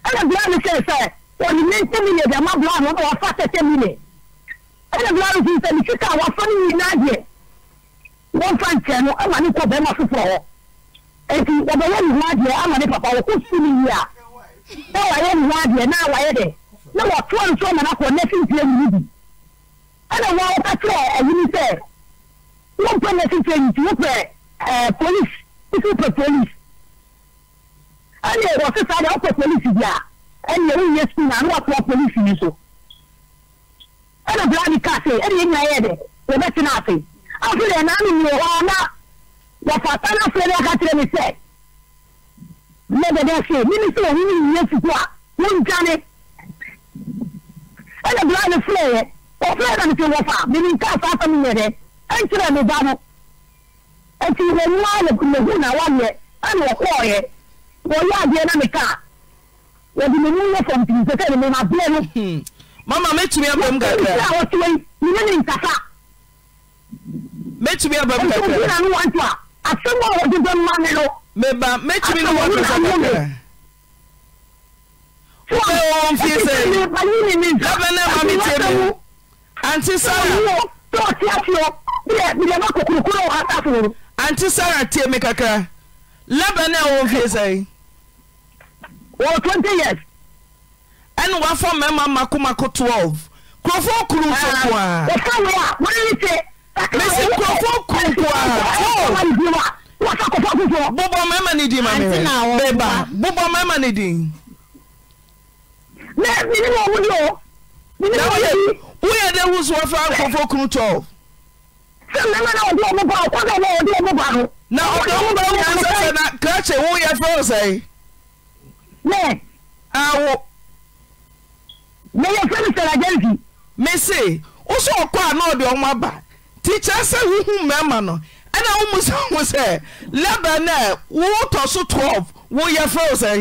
Speaker 4: ɛna bia no sɛ sɛ wɔde ninety million de ama bia no na wɔfa thirty million ɛna bia no sɛ ne sika a wɔfa no nyinaa deɛ wɔmfa nkyɛn no ama ne kɔ bɛrima foforɔ hɔ nti wɔbɛyɛ ne ho adeɛ ama ne papa wɔkɔ su ne yie a na wɔayɛ ne ho adeɛ na wɔayɛ dɛ na wɔtoa nsuo ma eh, no akɔ nɛsi mpia ne mu bi ɛna wɔn wɔka kyerɛ ɛyi sɛ wopɛ necessary nti wopɛ ɛɛ police nti wopɛ police ɛnna ɛwɔ sisan de wopɛ police bi a ɛnna ɛwɔ yɛ sukuu na ano wapɛ police yi so ɛnna blaadi kaase ɛnna yɛ nyinaa yɛ dɛ yɛbɛ tena ase afei dɛ naanu mi wɔ hɔ na wɔfa tan afei de akatere mi sɛ mɛgɛdɛ se mimi sɛ ohun mi yɛ sukuu a wɔn dwane ɛnna blaadi filɛ yɛ wɔfilɛ na mi ti wɔfa mimi nkaasa asam yɛ dɛ. enkere mebano enti amua wakemahuna wale anewokɔe oyadɛ na meka wademenuefunpiisteememabuno
Speaker 2: ot menemekasana nuwantua
Speaker 4: asedbemano
Speaker 2: anti sara tie me kakra lebenafes an wafa mema makomaku t kurofo kru bbmema nedinee se wafkrof kru na ọdọ ọhụrụ ọhụrụ ọhụrụ sẹsẹ na krachi wụ ya fẹ ọsẹ. mẹ. mesi ụsọ ọkọ a na ọdị ọnwa ba tikya sẹ huhu mmarima nọ ẹna ọmụ sẹ ọmụ sẹ lẹbẹ nẹ wụtọ so twelve wụ ya fẹ ọsẹ.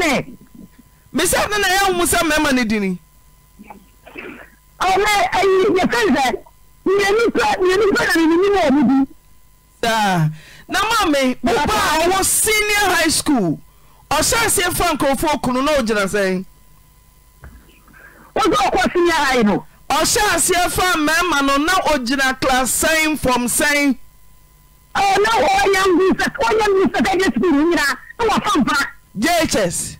Speaker 2: mẹ. mesi adị na ya ọmụ sẹ mmarima na dị
Speaker 4: ɔwɔ ɛyi yɛfɛn sɛ mmienu pɛ mmienu pɛ na mmienu wɔ ɔmo bi. saa na maame papa a ɔwɔ
Speaker 2: senior high school ɔhyɛ aseɛ fa nkurɔfoɔ kunu na ɔgyina sɛn. wọ́n sọ ɔkọ senior high no. ɔhyɛ aseɛ fa mmarima no na ɔgyina class sɛn fam sɛn. ɔ na ɔyɛ ngu sɛ ɔyɛ ngu sɛ ɛyɛ sukuu nyinaa na wɔfa mpa. jhs.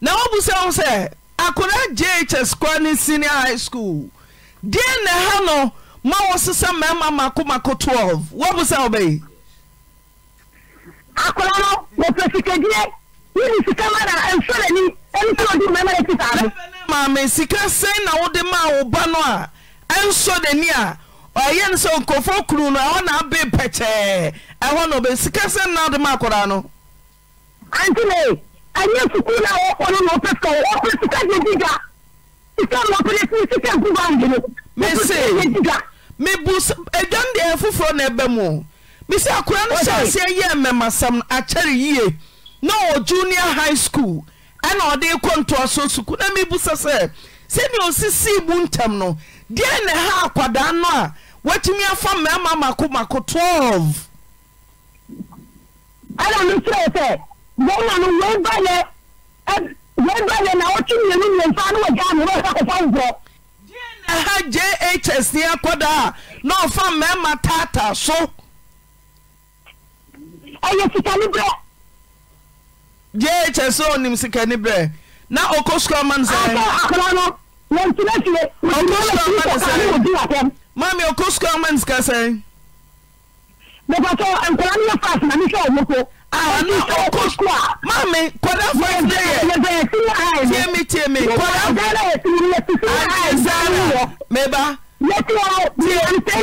Speaker 2: na wɔbu sɛ ɔmo sɛ. akoda gye kɛ skoa ne senia high scoul deɛ na ha no ma wɔ se sɛ marima mako mako 12 wɔbosan wobɛyimaame sika sɛne na wode ma a wo ba no a ɛnsɔ dani a ɔɛyɛ no sɛ nkɔfo kunu no ɛhɔ naabe pɛkyɛɛ ɛhɔ na ɔbɛ sika sɛn na wode ma akodaa no adwandeɛ afoforɔ ne ɛbɛ muo misɛ akoa no sɛase yɛɛ mɛ masam akyɛre yie na ɔ junior high schoul ɛna ɔde rekɔ ntoa so suku na mebu sa sɛ sɛdea osisii bu ntɛm no deɛ ne ɛha akwadaan no a watumi afa mmarima mako mako tv
Speaker 4: bɛrima no wɔgba yɛ wɔgba yɛ na wɔtwe mmienu mmiɛnsa no wɔ gyaa no wɔresa kɔfa nkorɔ ɛha jhs ni
Speaker 2: akɔda a na ɔfa mmarima taata so ɛyɛ sikani berɛ jhs ɔnim sikani berɛ na ɔkɔ sukuu ama no sɛ akɔla no wɔntena fie wɔntena fie kɔkaa ne wɔdi atɛm maame ɔkɔ sukuu ama no sika sɛn mepatɔ nkɔla no yɛ fast na ne hwɛ ɔmo àwọn ọkọ sukuu a. maami kọ́dà fún ẹ yẹ tiẹ mi tiẹ mi kọ́dà àti zara mẹba. yẹtí wọn
Speaker 4: tiẹ tiẹ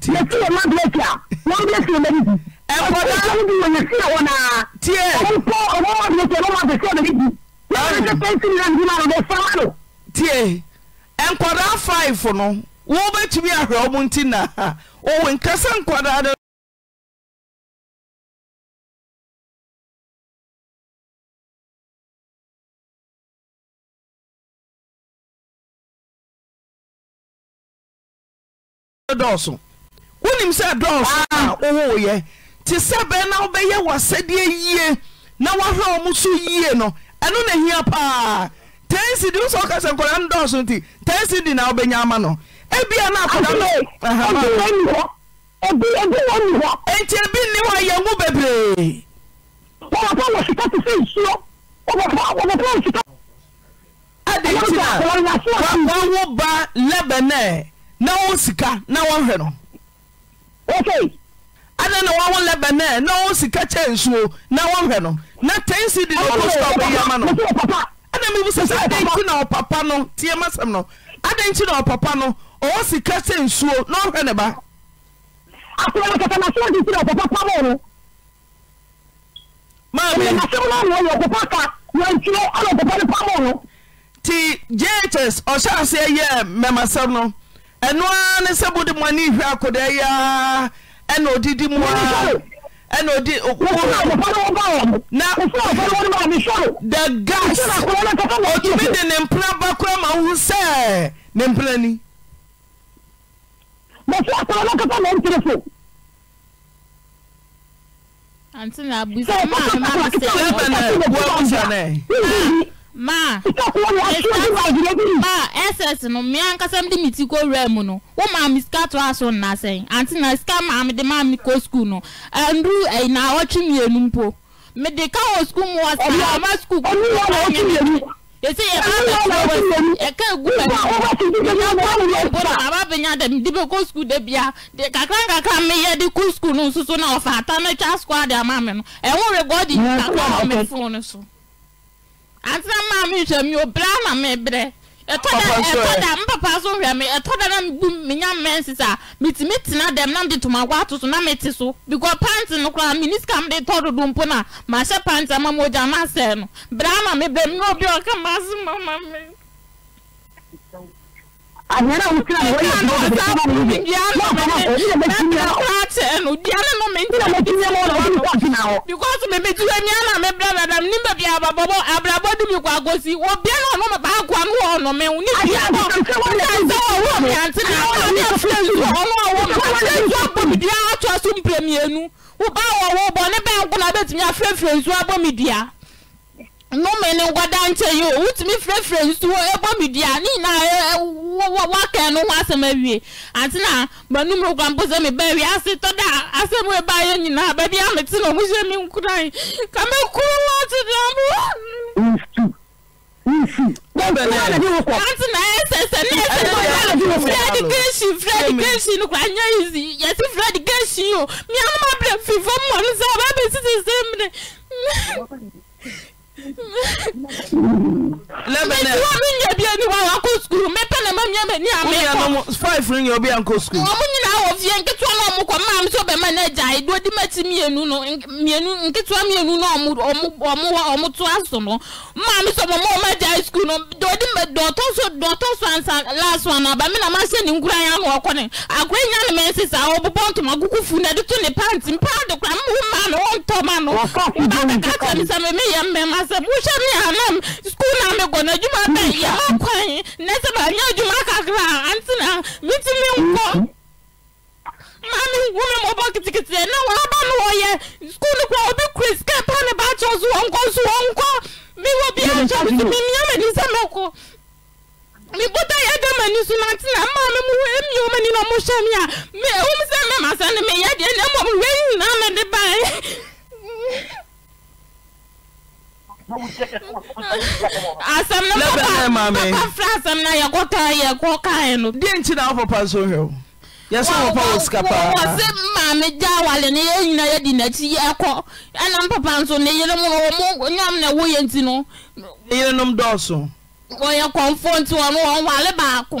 Speaker 4: tiẹ yẹtí wọn máa bẹ tiẹ wọn bẹ tiẹ lẹbi. ẹ kọ́dà ọmọ bí wọn yẹ tiẹ wọn náà. tiẹ ọmọ kọ ọmọ wọn bẹ tiẹ wọn máa bẹ tiẹ lẹbi. wọn bẹ tiẹ pẹnti ní ẹni náà lọ fún wọn. tiẹ ẹ nkọ́dà five no wọn bẹ tumi ahwẹ ọmọ ntí na ọwọ nkasa nkọ́dà dẹ. dɔɔso wonim sɛ dɔɔso a ah. wowoyɛ nti sɛ bɛɛ na
Speaker 2: wobɛyɛ w'asɛdeɛ yie na woahwɛ wɔ mu so yie no ɛno na hia paa tansi di nso sɛ sɛ nkɔda no dɔɔso nti tansi di na wobɛnya ama no ebia na akɔda no
Speaker 4: enti ebi nni hɔ yɛ bebree na papa wo ba na wọn sika
Speaker 2: na wọn hwɛ no. ok. ada na wọn wọn lɛbɛ na wọn sika kyɛ nsuo na wọn hwɛ no na ten si di n'olu stɔp yɛ ma no ada mi busa sɛ adan nti na ɔpapa no tie ma sɛm no Ada nti na ɔpapa no ɔwɔ sika kyɛ nsuo
Speaker 4: na ɔhwɛ ne ba. akɔrɔ kɛtɛ na sɔɔ di nti na ɔpapa pamɔ no. maame. na sɛm naa wɔ yɛ ɔpapa ka wɔn ntuo ɔna ɔpapa ne pamɔ no.
Speaker 2: ti jhs ɔhyɛ aseɛ yɛ mɛmasɛm no. ɛno ara ne sɛ bude moani hwɛ akodɛ yɛa ɛnɛ ɔdidi mua ɛn din the gasotumi de ne mpena ba kora ma wohu sɛ ne mpena ni
Speaker 7: ma ma ss no mmea ankasa mde me ti kɔ wura mu no wo maame sika to aso nna sɛn ante na sika maame de maame kɔ skul no nduru ɛyi na ɔtwe mmienu mpo mede ka wɔ skul mu ɔsa ɔma skul kɔ yɛsɛ yɛka bɛwɔ yɛka egu bɛbɔ aba bɛnya dɛ mede bɛkɔ skul da bia de kakra nkakra meyɛ de kɔ skul no nso na ɔfa ata no twa skul ama me no ɛho regɔdi fon no so ansa maa mi hwɛ mi obira na mi brɛ ɛtɔ da ɛtɔ da mi papa so hwɛ mi ɛtɔ da na mi bu mi nya mɛnsi sa mi ti mi tena dɛm na mi de tuma akɔ ato so na mi ti so biko panti no koraa mi ni sika mi de tɔ dodo mpo na ma hyɛ panti ama mo gya ma sɛ no brɛ na mi brɛ mi na obi ɔka ma se ma ma mi. anyana wo kira wo yɛ dɔw de kira mo yɛ n'a kama o bi na bɛ ti ɲɛma o tɛnu diana no me ntina mo ti ɲɛma o la o bi taa ti na o. because mi mi mi mi bila la dam ni bɛ bi a ba bɔ bɔ a bila bɔ dumi ko a gosi wo bia na ɔnɔ ma ba ko anu wɔ mi ante na ɔnɔ mi a filɛ zu mi a filɛ zu mi dua nnọọma ne nkwadaa nkyɛn yi o wotumi firafira nsuo ɛbɔ mi dua ne nyinaa ɛ wɔ wakɛn no ho asɛm awie ante na banum rokura mpo sɛ mi ba awie ase tɔ da asɛm ɛba ayɛ nyinaa baabi a mete na ɔmo hyɛ mi nkura yi kame kuro wɔte de ɔmo. nsu
Speaker 4: nsu. ante
Speaker 7: na ɛsɛ sɛ ne ɛsɛ sɛ ɔyɛ fred kenshi fred kenshi no kura nyɛ yizi yɛsi fred kenshi o mi anum abirɛ fifo mu ɔno sɛ ɔbɛ bɛ sisi sɛ mu de
Speaker 4: lẹ́bẹ̀ẹ́ náà. wọ́n mi ń yẹ bí ẹni wá wá kó sukuru mẹ́pẹ́ náà máa ń ní àmì ẹ̀kọ́. wọ́n
Speaker 2: yà five ring
Speaker 7: yẹ obi à ń kó sukuru. wọ́n mu nyinaa wọ fie nketewa náà ọmọ kọ maa mi sọ bẹ̀rẹ̀ náà gya edu odi mẹ́tì mmienu no mmienu nketewa mmienu náà ọmọ ọmọ ọmọ ọmọ tó aso no maa mi sọ mọ̀mọ́ ọmọ gya sukuru no dọ̀ọ́dí mẹ dọ̀ọ́tọ́ so last one aba mi na ma ni nkura ya na ọkọ ni akura nya ni mẹ na ẹdi to ne panti mpaadokura mu maa mi ọ ntọ maa mi ọ bá kẹkẹ mi sẹ mi sɛ mm. mm. wohyɛ ne anam skul na mekɔ na adwuma bɛ yɛma kwan nɛ sɛ maanyɛ adwuma kakra a ante na metumi nkɔ maame nwome mɔbɔ ketekete na wɔaba no wɔyɛ skul no koraa obi kure sika pa ne baakyɛ so wɔnkɔ so wɔnkɔ mewɔ bi akyɛ me sɛ memia m'ani sɛ mɛkɔ mebota yɛ m'ani so no ante na maa me mu ɛmia ɔmani na ɔmohyɛ me a ɛwom sɛ mɛma sɛ ne meyɛ deɛ na mmom wei nyinaa mede bae asɛm no papa fra asɛm no yɛkɔtɔ yɛkɔ kaɛ no deɛ nti na wo papa so hwɛ yɛsɛ wɔpa wɔ sika paawɔ se maame gya awale ne yɛ nyina yɛdi n'akyi yɛkɔ ɛna mpapa nso ne yerenom no ɔmo nyam na ɛwɔ yɛ nti no ne yerenom dɔɔso wɔyɛ kɔmfoɔ nti wɔno wɔn wale baako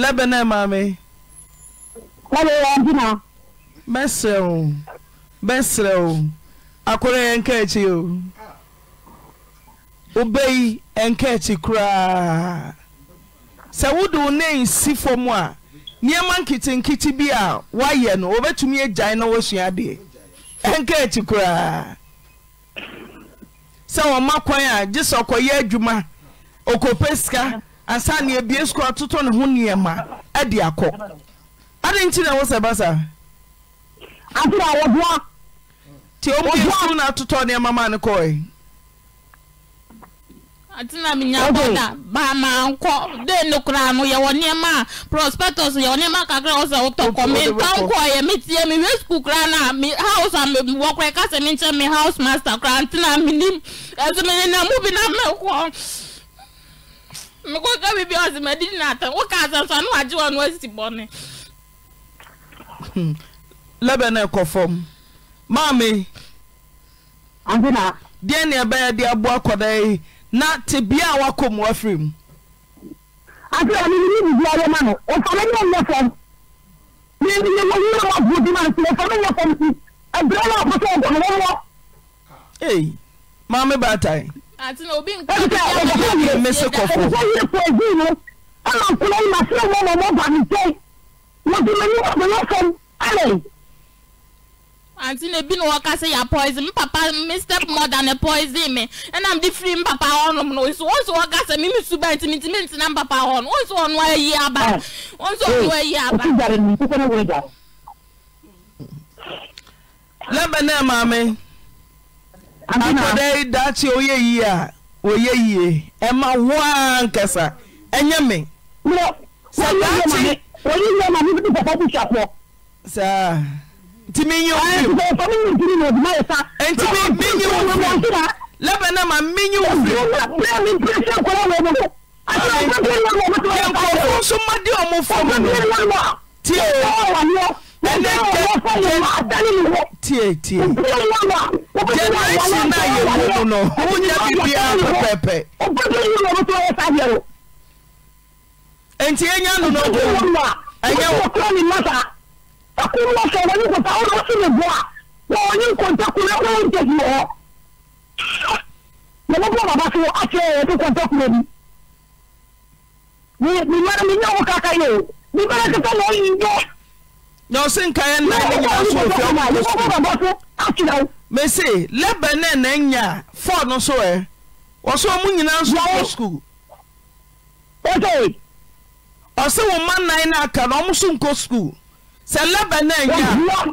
Speaker 2: lɛbɛnɛ maame. lɛbɛ yɛ ndina. bɛsrɛ o bɛsrɛ o akɔrɔ yɛ nka akyi o obeyi nka akyi koraa sɛ wode wo ne nsi fam a nneɛma nketenkete bi a wayɛ no wɔbɛtumi agyae na wɔasua adeɛ ɛnka akyi koraa sɛ wɔma kwan a gye sɛ ɔkɔyɛ adwuma ɔkɔpɛ sika asa ne abie sukuu ɔtotɔ ne ho nneɛma ɛde akɔ ade nti na wosɛ basa nti ɔmbie sukuu no atotɔ nneɛma ma ne kɔe
Speaker 7: atena menya bɔda bama nkɔ de no koraa no yɛwɔ nneɛma a prospectus yɛwɔ nneɛma kakra wɔ sɛ wotɔ kɔ mentɔ nkɔ yɛ metie mewie sukuu koraa no na me house a mewɔ koraa ɛka sɛ menkyɛ me house master koraa ntena menim ɛso menenam mu bi na mekɔ mekwa bibi ọzimedini na-ata nwoke azansa nwa ọnụ esibọni
Speaker 2: lebene kɔfam maame deɛ ne ekọfọm maami aboa yi na te bia a wakɔ mu afiri mu ate ɔne ne bibia
Speaker 4: yɛ ma no ɔfa me nyɛ nyɛ fam meyɛ di ma nti ɔfa
Speaker 7: yere poin ananklimasi mmmdante dmniasomaantn bin wakase ya pos mpaa mi step mo than poise me anam de free mpapa on mnswakase memesu bantimitimitena mpapa on oswn ayaba
Speaker 4: osonayebabe
Speaker 2: akɔda yi daakye oyɛ yie a oyɛ yie ɛma waa nkasa ɛnyɛ me. sɛ daakye oyi ma mi papa bi twapɔ. saa nti mi nye wo
Speaker 4: firi nti mi mi nye wo firi lɛbɛn na ma mi nye wo firi. yɛnkɔfo nso ma di ɔmo fɔ mu. tiɛ o ɛnɛ
Speaker 2: tie tie generation na yɛ mu mu no wonya biribiara pɛpɛpɛ
Speaker 4: nti ɛnya no no ɔbɔ ɛnyɛ wo mọ̀lẹ́bí ọ̀bàbá tí wọ́n á ṣe ẹ̀yẹ tó kọjọ́ kúrò ní. mi mi mẹ́rin mi ní ọkọ̀ kàkà yìí o mi bẹ́rẹ̀ kẹta lọ́ọ́ yìí jẹ́.
Speaker 2: smese lɛbanɛ na nya f no so ɔ so ɔmo nyina nso skul ɔse wo ma nan no aka na ɔmoso nkɔ skul sɛ lɛbane ya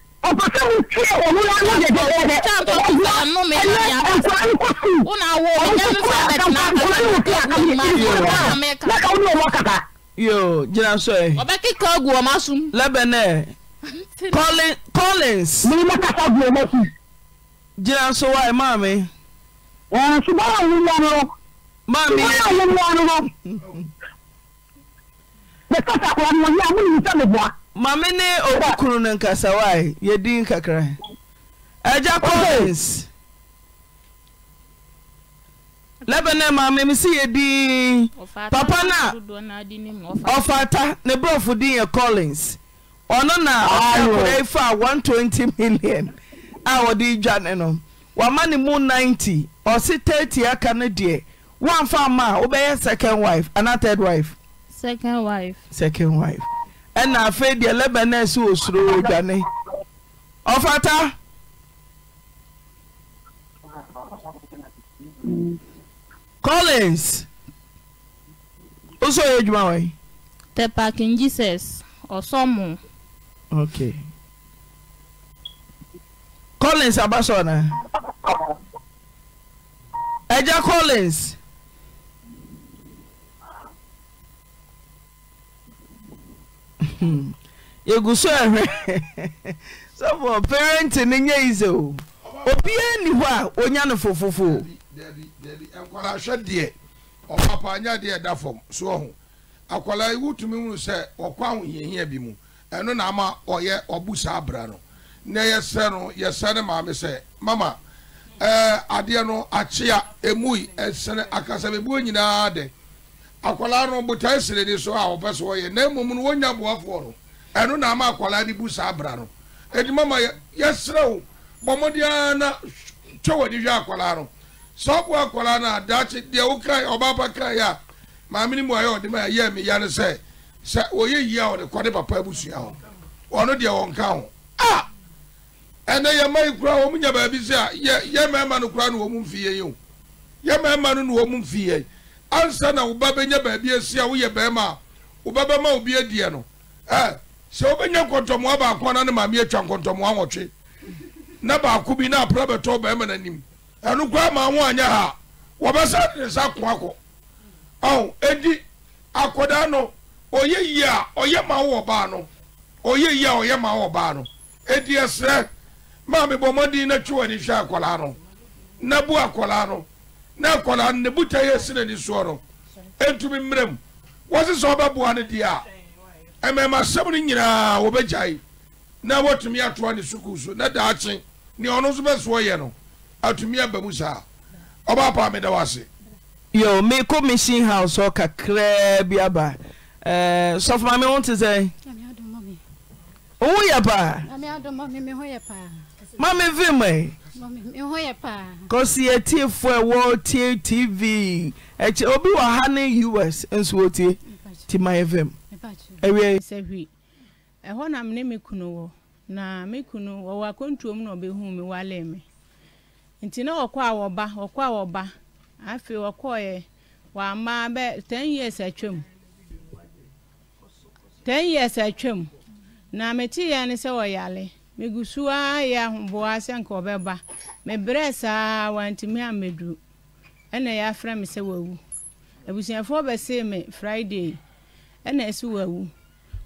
Speaker 2: yo gyina so ẹ.
Speaker 7: ọbẹ kíkọ egu ọmọ asum.
Speaker 2: lẹbẹnẹ collins. mi ma kasa gu ọmọ si. gyina so wa ẹ maa mi. ẹ ṣùgbọ́n àwọn ọmọ wọn.
Speaker 4: maa mi. ṣùgbọ́n àwọn ọmọ wọn.
Speaker 2: bẹ́ẹ̀ kọ́ta kọ́ ọmọ yìí àwọn ìyíṣẹ́ mi bọ̀ á mame ne obi kunu no nkasawae yɛdin kakra agya collins lɛbɛnɛ maame me sɛ yɛdin papa no
Speaker 7: ɔfata
Speaker 2: ne borɔfo din yɛ collins ɔno na ɔkakora fa 120 million a wɔde dwane no wama ne mu 90 ɔse 30 aka no deɛ woamfa ma a wobɛyɛ second wife anaa third wife
Speaker 7: second wife
Speaker 2: second wife ɛna afei deɛ lɛbɛ na ɛsi wɔ suro dwane ɔfata
Speaker 7: collins wosɔ yɛ adwuma wɔ yi. the parking jesus ɔsɔmu.
Speaker 2: Ok. collins abasɔ na ɛgya collins. yɛgu so ɛhwɛ sɛfo parenti ize nyɛ obi o nni hɔ a ɔnya no fofofoo
Speaker 6: nkwaraahwɛ deɛ ɔpapa nya deɛ da fam so ɔho iwu wotumi hunu sɛ ɔkɔ bi mu ɛno na ama ɔyɛ ɔbu saa abra no na mama ɛɛ adeɛ no akyea ɛsɛn nyinaa akwadaa no botae sere ni so a wɔpɛ sɛ wɔyɛ na mmom no wɔnya boafoɔ no ɛno na ama akwadaa de bu saa bra no ɛdi mama yɛsrɛ wo bɔ mmɔdeɛ na twɛ w'ani hwɛ akwadaa no sɛ ɔbo akwadaa no a daakye deɛ wo kra ɔbaa ya kra yɛ a maame no mu ayɛ ɔde ma ɛyɛ me ya no sɛ sɛ wɔyɛ yie a ɔde kɔde papa abusua ho ɔno deɛ wɔnka ho a ɛnɛ yɛ ma yi kura wɔn nya baabi sɛ a yɛ yɛ mɛɛma no kura no wɔn mu mfi yɛ yi o yɛ mɛɛma no no wɔn mu mfi yɛ yi ansa na wo ba bɛnya baabi asi a woyɛ bɛrima a wo ba bɛma obi adiɛ no ɛ sɛ wobɛnya nkɔntɔmmoa baako na ne maame atwa nkɔntɔmmoa nwɔtwe na baako bi na apra bɛtɔ bɛrima n'anim ɛno koraa ma ho anyɛ ha wɔbɛsa de ne sa ko akɔ ɔn edi akɔdaa no ɔyɛ yie a ɔyɛ ma wɔ baa no ɔyɛ yie a ɔyɛ ma wɔ baa no edi ɛsrɛ maame bɔ mɔden na twi wɔ ani hwɛ akɔlaa no na bu akɔlaa no. na nkwadaa ne buta yɛ si ni soɔ no ntumi mmerɛ mu wɔsi sɛ ɔbɛboa ne deɛ a mmarima asɛm no nyinaa wɔbɛgyae na wɔtumi atoa ne sukuu so na daakye nea ɔno nso bɛsoɔ yɛ no atumi aba mu saa ɔbaa paa meda wase yo mekɔ mission
Speaker 2: house hɔ kakraa bi aba eh, sɔfoma me wo te sɛ
Speaker 1: wowo yɛ paa
Speaker 2: mame vi mɛ kɔsi etiefo ɛwɔ tie tv ɛkyɛ obi wɔ ha ne us nso wɔ tie tima fm
Speaker 1: ɛwia.
Speaker 3: ɛhɔ na ne me kunu wɔ na me kunu wɔwɔ akɔntuom na ɔbɛhu me wale me nti na wɔkɔ a wɔba wɔkɔ a wɔba afei wɔkɔɔɛ wɔama bɛ ten years atwam ten years atwam na mete yɛn ne sɛ wɔyale megusua yɛ ahoboa sɛ nka ɔbɛba mebrɛ saa wantumi ammɛduru ɛna yɛafrɛ me sɛ wawu abusuafoɔ bɛsee me friday ɛna ɛsi wawu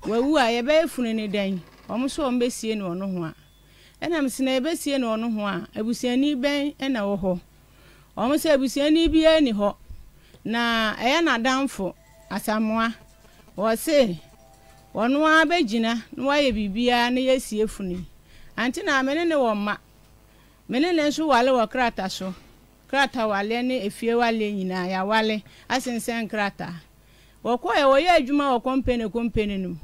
Speaker 3: wawu a yɛbɛyɛ funu ne dan ɔmo so ɔmo bɛsie ne ɔno ho a ɛna m sena yɛbɛsie ne ɔno ho a abusuani bɛn ɛna wɔ hɔ ɔmo sɛ abusuani biara ni hɔ na ɛyɛ n'adamfo asamoa wɔse ɔno ara bɛgyina na wayɛ biribiara na yɛasie funu yi anti na mene ne wɔ mma mene ne nso wale wɔ krataa so krataa wale ne efie wale nyinaa yawale asensɛn krata wɔkɔɛ wɔyɛ adwuma wɔ kɔmpene kɔmpene no mu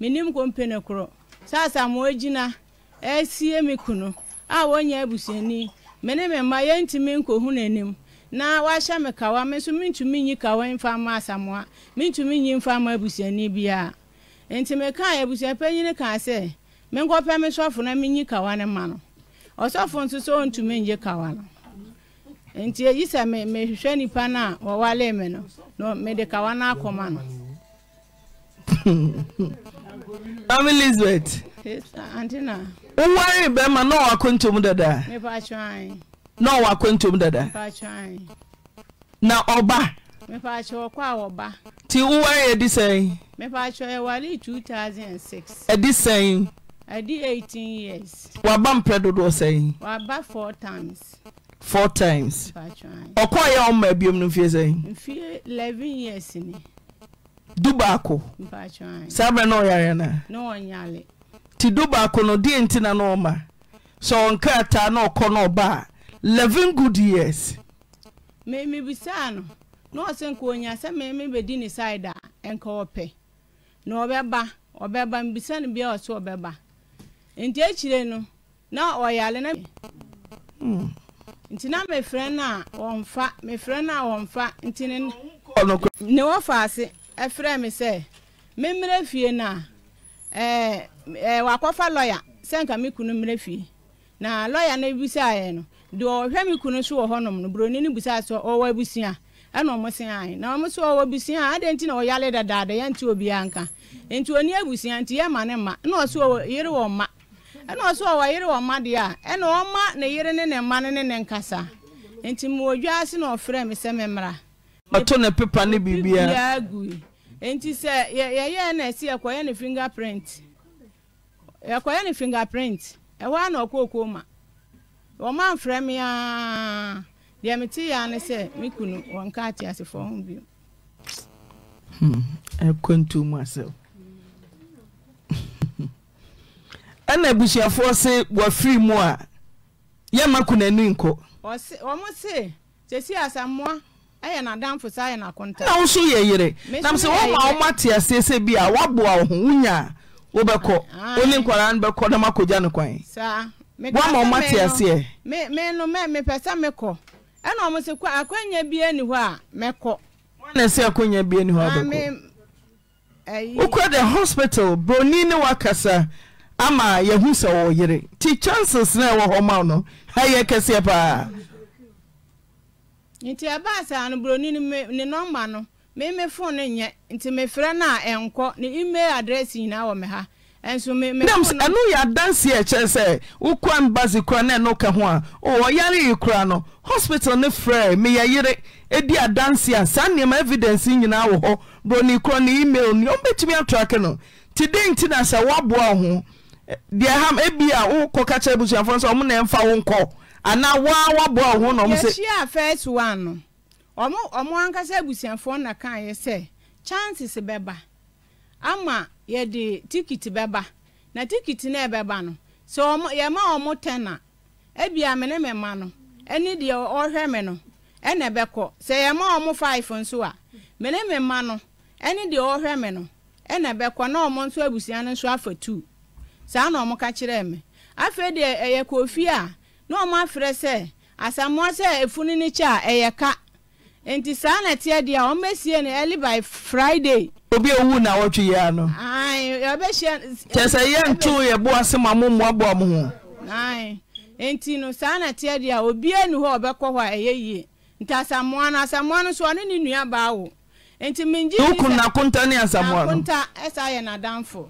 Speaker 3: menim kɔmpene korɔ saasa mo egyina esie me kunu a wɔnyɛ abusuani mene me mma yɛntumi nkohu n'anim na wahyɛ me kawa me nso mentumi nyi kawa mfa ma asamoa mentumi nyi mfa ma abusuani biara nti mekaa abusua panyin kaa sɛ menkɔpɛ me sɔfo na menyi kawa ne ma no ɔsɔfo nso sɛ ɔntumi nye kawa no nti eyi sɛ mehwehwɛ nipa no a wɔwale me no na mede kawa no akɔma no
Speaker 2: Mami [LAUGHS] Elizabeth.
Speaker 3: na
Speaker 2: ɔwɔ dada. Na ɔwɔ dada. Na ɔba. sɛn.
Speaker 3: adi eighteen years.
Speaker 2: wàbá mpẹ dodo sẹyìn.
Speaker 3: wàbá four times.
Speaker 2: four times. ọkọ yẹ ọma ẹbí omi nfiye sẹyìn.
Speaker 3: nfiye eleven years ni.
Speaker 2: du baako. sábẹ náà yàrá na
Speaker 3: náà nyàlẹ.
Speaker 2: ti du baako no díẹ̀ ntí na náà ọma sọ taa krataa náà ọkọ na ọba a eleven good years.
Speaker 3: mmemme na no nọọsụ nke onye asa mmemme bedi ne side a nke ọpẹ na ọbẹba ọbẹba mbisa na bia ọsọ ọbẹba. nti ekyire no na ɔyare na hmm. nti na mefrɛ no a wɔmfa mefrɛ no a wɔmfa nti ne wɔfa ase ɛfrɛ me sɛ memmerɛ fie no a ɛɛ wakɔfa lɔya sɛ nka me kunu mmerɛ fie na lɔya no bisaeɛ no deɛ ɔhwɛ me kunu so wɔ hɔnom no buroni no bisaa sɛ ɔwɔ abusua ɛna ɔmo se ae na ɔmo so ɔwɔ abusua ade nti na ɔyale dadaada yɛnte obiara nka nti oni abusua nti yɛma ne ma na ɔso yere wɔ ma ɛna a wɔyere wɔ ma deɛ a ɛna ɔma ne yere ne ne mma ne ne ne nkasa nti mewɔ dwa na ɔfrɛ me sɛ memmra
Speaker 2: ɔto ne pepa ne biribiaa
Speaker 3: nti sɛ yɛyɛ na ɛsi yɛkɔyɛ ne finger print yɛkɔyɛ ne finger print ɛhɔ a na ɔkɔɔkɔɔ ma ɔma mfrɛ me a deɛ mete yɛa ne sɛ me kunu wɔnka ate ho bio
Speaker 2: hmm, ɛkɔ asɛm ɛna abusuafoɔ se wafiri mu a yɛma nkɔ na
Speaker 3: wo yɛ yere nam sɛ woma woma
Speaker 2: te aseɛ sɛ bi a woaboa wo ho a wobɛkɔ ah, wone nkwaraa no bɛkɔ na makɔgya no kwan
Speaker 3: woama woma te aseɛ ne sɛ
Speaker 2: akɔnya bia ni hɔ ah,
Speaker 3: wokɔ de
Speaker 2: hospital Broni ne ama yɛhu sɛ wɔ yere nti chances na ɛwɔ hɔ ma no ɛyɛ kɛseɛ paa
Speaker 3: nti ɛbaasaa no buroni ne nɔmba no meme fon no nyɛ nti mefrɛ no a ɛnkɔ ne email address nyinaa wɔ me ha ɛnso ɛno
Speaker 2: yɛ adanseɛ ɛkyɛɛ sɛ wokoa mbase kora na ɛno ka ho a ɔyare yi kora no hospital ne frɛ meyɛ yere di adanse a saa nneɛma evidence nyinaa wɔ hɔ buroni korɔ ne email ni ɔmbɛtumi atrake no nti den nti na sɛ woaboa wo ho deɛ ham ebia wokɔ ka kyerɛ abusuafoɔ ɔmo na ɛmfa wo nkɔ anaa na ɔmo
Speaker 3: sɛ first one no ɔmo ɔmo ankasa na kaeɛ sɛ chances bɛba ama yɛde bɛba na na ɛbɛba no sɛ ɔmo yɛma ɔmo ten a ebia me ne me ma no ɛne deɛ ɔhwɛ sɛ yɛma ɔmo five nso a no ɛne deɛ ɔhwɛ na ɔmo nso abusua nso afa two saa na ɔmo ka kyerɛ me afei deɛ ɛyɛ kofi a na ɔmo afrɛ sɛ asamoa sɛ efunu ne kyɛ a ɛyɛ ka nti saa na teɛ deɛ ɔmo esie no early by friday.
Speaker 2: obi ewu na awɔtwe yi ano.
Speaker 3: ayi ɔbɛhyia. kyesɛ
Speaker 2: yɛn tu yɛ bo ase ma mo mu abo ɔmo ho.
Speaker 3: ayi nti no saa na teɛ deɛ obi enu hɔ ɔbɛkɔ hɔ a ɛyɛ yie nti asamoa no asamoa no nso ɔne ne nua baa wo nti mengye. tukun na kunta ne asamoa no. na kunta ɛsɛ ayɛ n'adanfo.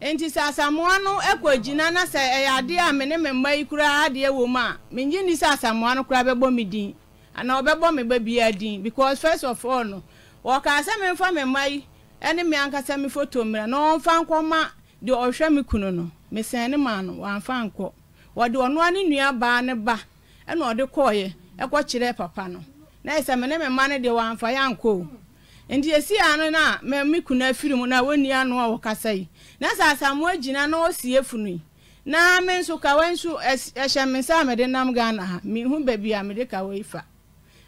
Speaker 3: nti sɛ asamoa no ɛkɔ gyina na sɛ ɛyɛ adeɛ a me me mma yi koraa adeɛ wɔ mu a menye ni sɛ asamoa no koraa bɛbɔ me din anaa ɔbɛbɔ me ba biara din because first of all no wɔkaa sɛ memfa me mma yi ɛne me ankasa me foto mmira na ɔmfa nkɔma deɛ ɔhwɛ me kunu no mesɛn ne maa no wɔamfa nkɔ wɔde ɔnoa ne baa ne ba ɛna ɔde kɔɔeɛ ɛkɔ kyerɛ papa no na ɛsɛ me me mma no deɛ wɔamfa yɛ ankɔ nti ɛsi a no no a me kunu afiri mu na wɔnni anoa wɔkasa yi na sa asammoa gyina na wɔsie fu no i na mɛ nso kawai nso ɛhyɛ me saa mede nam ghana ha mihu baabia mede kawai fa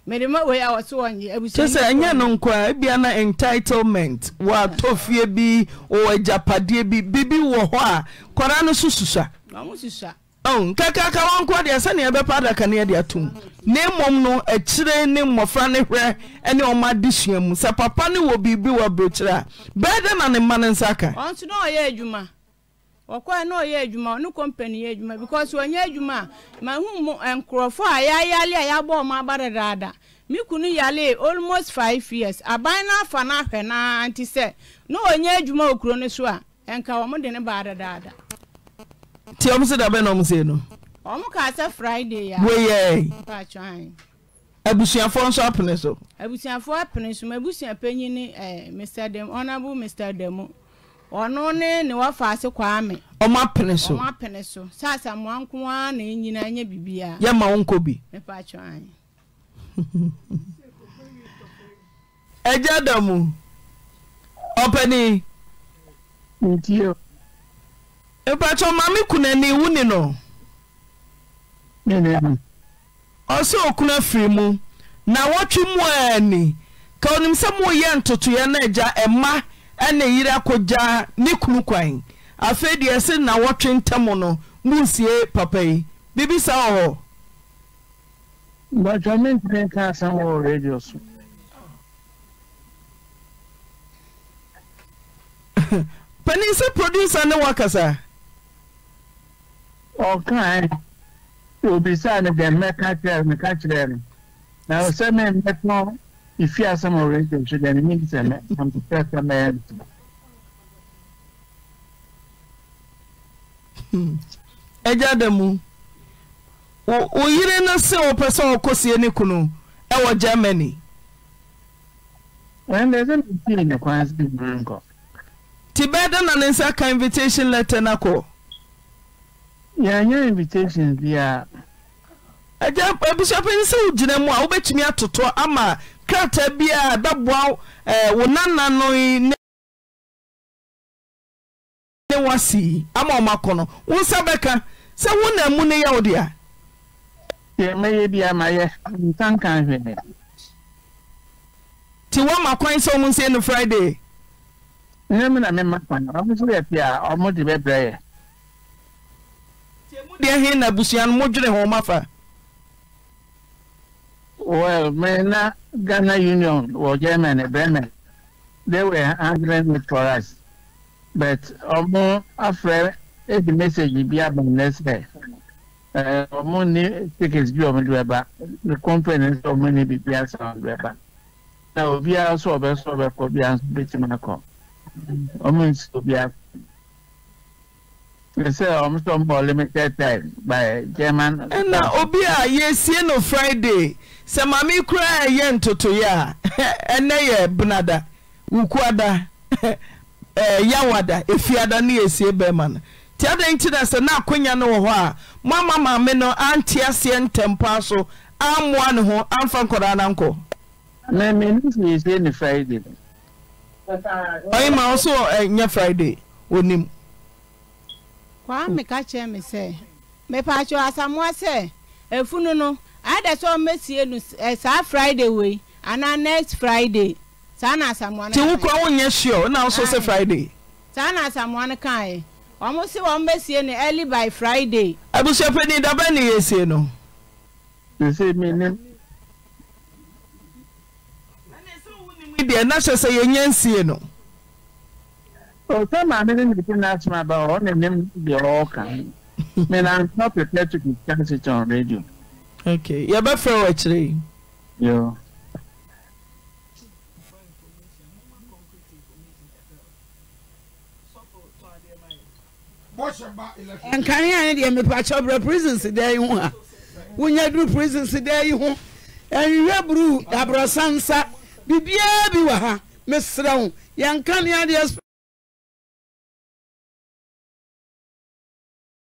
Speaker 3: mede ma wɔi awɔ sewɔnyɛɛ sɛ ɛnya no
Speaker 2: nkoa biana entitlement wɔ atɔfie bi wɔwɔ agyapadeɛ bi birbi wɔ hɔ a kɔra no so susua kakaka wanko deɛ sɛnea ɛbɛpɛ adaka ne ɛde atom ne mmom no akyire ne mmɔfra ne hwɛ ne ɔma de sua mu sɛ papa ne wɔ biribi wɔ aburokyerɛ a bɛɛ na ne mma ne nsa ka
Speaker 3: ɔnso na ɔyɛ adwuma ɔkɔɛ na ɔyɛ adwuma ɔno company yɛ adwuma because ɔnyɛ adwuma a mahu eh, nkurɔfoɔ a yɛayale a yɛabɔ ɔma aba dadaada me kunu yale almost five years aban no afa no ahwɛ naa nti sɛ na ɔnyɛ adwuma okuro no so a ɛnka ɔmo de
Speaker 2: tí ọmọ sẹdá bẹ́ẹ̀ náà ọmọ sẹ no.
Speaker 3: ọmọ kà sẹ friday ya. wọ́yẹ̀
Speaker 2: abusuafo nso apene so.
Speaker 3: abusuafo apene so abusua panyin ni ẹ mr demu honourable mr demu ọno ne ne wafa ase kwame. ọmọ apene so ọmọ apene so sasa mu ankoa na enyina nye bibia. yẹ ma wọn kọ bi. mẹpa atwa anyi. ẹjẹ
Speaker 2: dàmú ọpẹni. ntí o. mpakyɛ maame kunani wo ni no ɔsɛ okuna firi mu na wɔtwe mu aani ka onim sɛ moyɛ ntotoeɛ no agya ɛma na yire akɔgyaa ne kunu kwan afei deɛ ɛse na wɔtwe ntɛm no munsie papa yi biribisa wɔ hɔ
Speaker 8: [LAUGHS] pani
Speaker 2: sɛ produser ne woakasa
Speaker 8: ọka obisa no deɛ mɛka kyerɛ meka kyerɛ no na sɛ memmɛto ifi asɛm wɔ radio deɛ menim sɛ mɛmpekyerɛ sɛ mɛyɛ no agya da mu e wo yere no
Speaker 2: se wopɛ sɛ wɔkɔsie ne kunu ɛwɔ germany ɛnɛ bɛɛ dɛ na ne nsa ka invitation letter no
Speaker 8: akɔ yɛanyɛ invitation bi a agya
Speaker 2: abusuapɛni sɛ wogyina mu a wobɛtumi ama krataa bi a ɛbɛboa eh, wo nana no ne wasii ama ɔmakɔ no wo nsa bɛka sɛ wo na mu ne yɛ wo dea yɛmɛyɛ bi ama yɛ
Speaker 8: nsanka hwɛ nti
Speaker 2: woama kwan sɛ wo mu nsɛ no friday na mema
Speaker 8: kwan ɔmo so yɛ a ɔmo de bɛbrɛ yɛ deɛ he na abusua no modwene ho mafa well me na ghana union wɔ germany bɛmɛ they were handling it for us but ɔmo afrɛ edi message bi aba ne sɛ ɛɛ ɔmo ni tickets bi ɔmo de bɛba the company nso ɔmo ni bibi asa ɔmo de bɛba na obiara nso ɔbɛsɔ ɔbɛkɔ obiara nso bɛtumi akɔ ɔmo nso obiara. Oh, nnna obia yɛsie
Speaker 2: no frida sɛ mamee koraa a ɛyɛ ntotoeɛ a [LAUGHS] ɛnɛ yɛ benada wokuada [LAUGHS] eh, yawda ɛfiada ne yɛsie bɛima no ntiadan ntyi na sɛ na akwonya ne wɔ hɔ a mo amamame no antea aseɛ ntɛmpaa so ammoa ne ho amfa nkɔraa
Speaker 8: nankɔisyɛ
Speaker 2: frida
Speaker 3: waa meka kyerɛ me sɛ mepakyɛ asamoa sɛ efunu no ada sɛ ɔmɛsie no eh, saa friday wei anaa next friday saa na asamoa no ti wokora
Speaker 2: wonyɛ sure na nso sɛ friday
Speaker 3: saa na asamoa no kaeɛ wɔn sɛ wɔn bɛsie no early by friday
Speaker 2: abusuapɛni dabɛ ne yɛsie no
Speaker 8: sese menim deɛ na hyɛ sɛ yɛnyɛ nsie no ọsẹ maame ne nipa n'asem aba ọ ọ nenem deɛ ɔɔka mɛ na nka prepare to be cancelled on radio. okay yɛbɛfrɛ wɔ akyire yi. yoo.
Speaker 6: nkane
Speaker 2: a ne deɛ mepakyɛ brɛ prisons dan yi ho a wonya duru prisons dan yi ho ɛnhwɛ buru aborɔsansa biribiaa bi wɔ ha
Speaker 4: meserɛ wo yɛnka ne adeɛ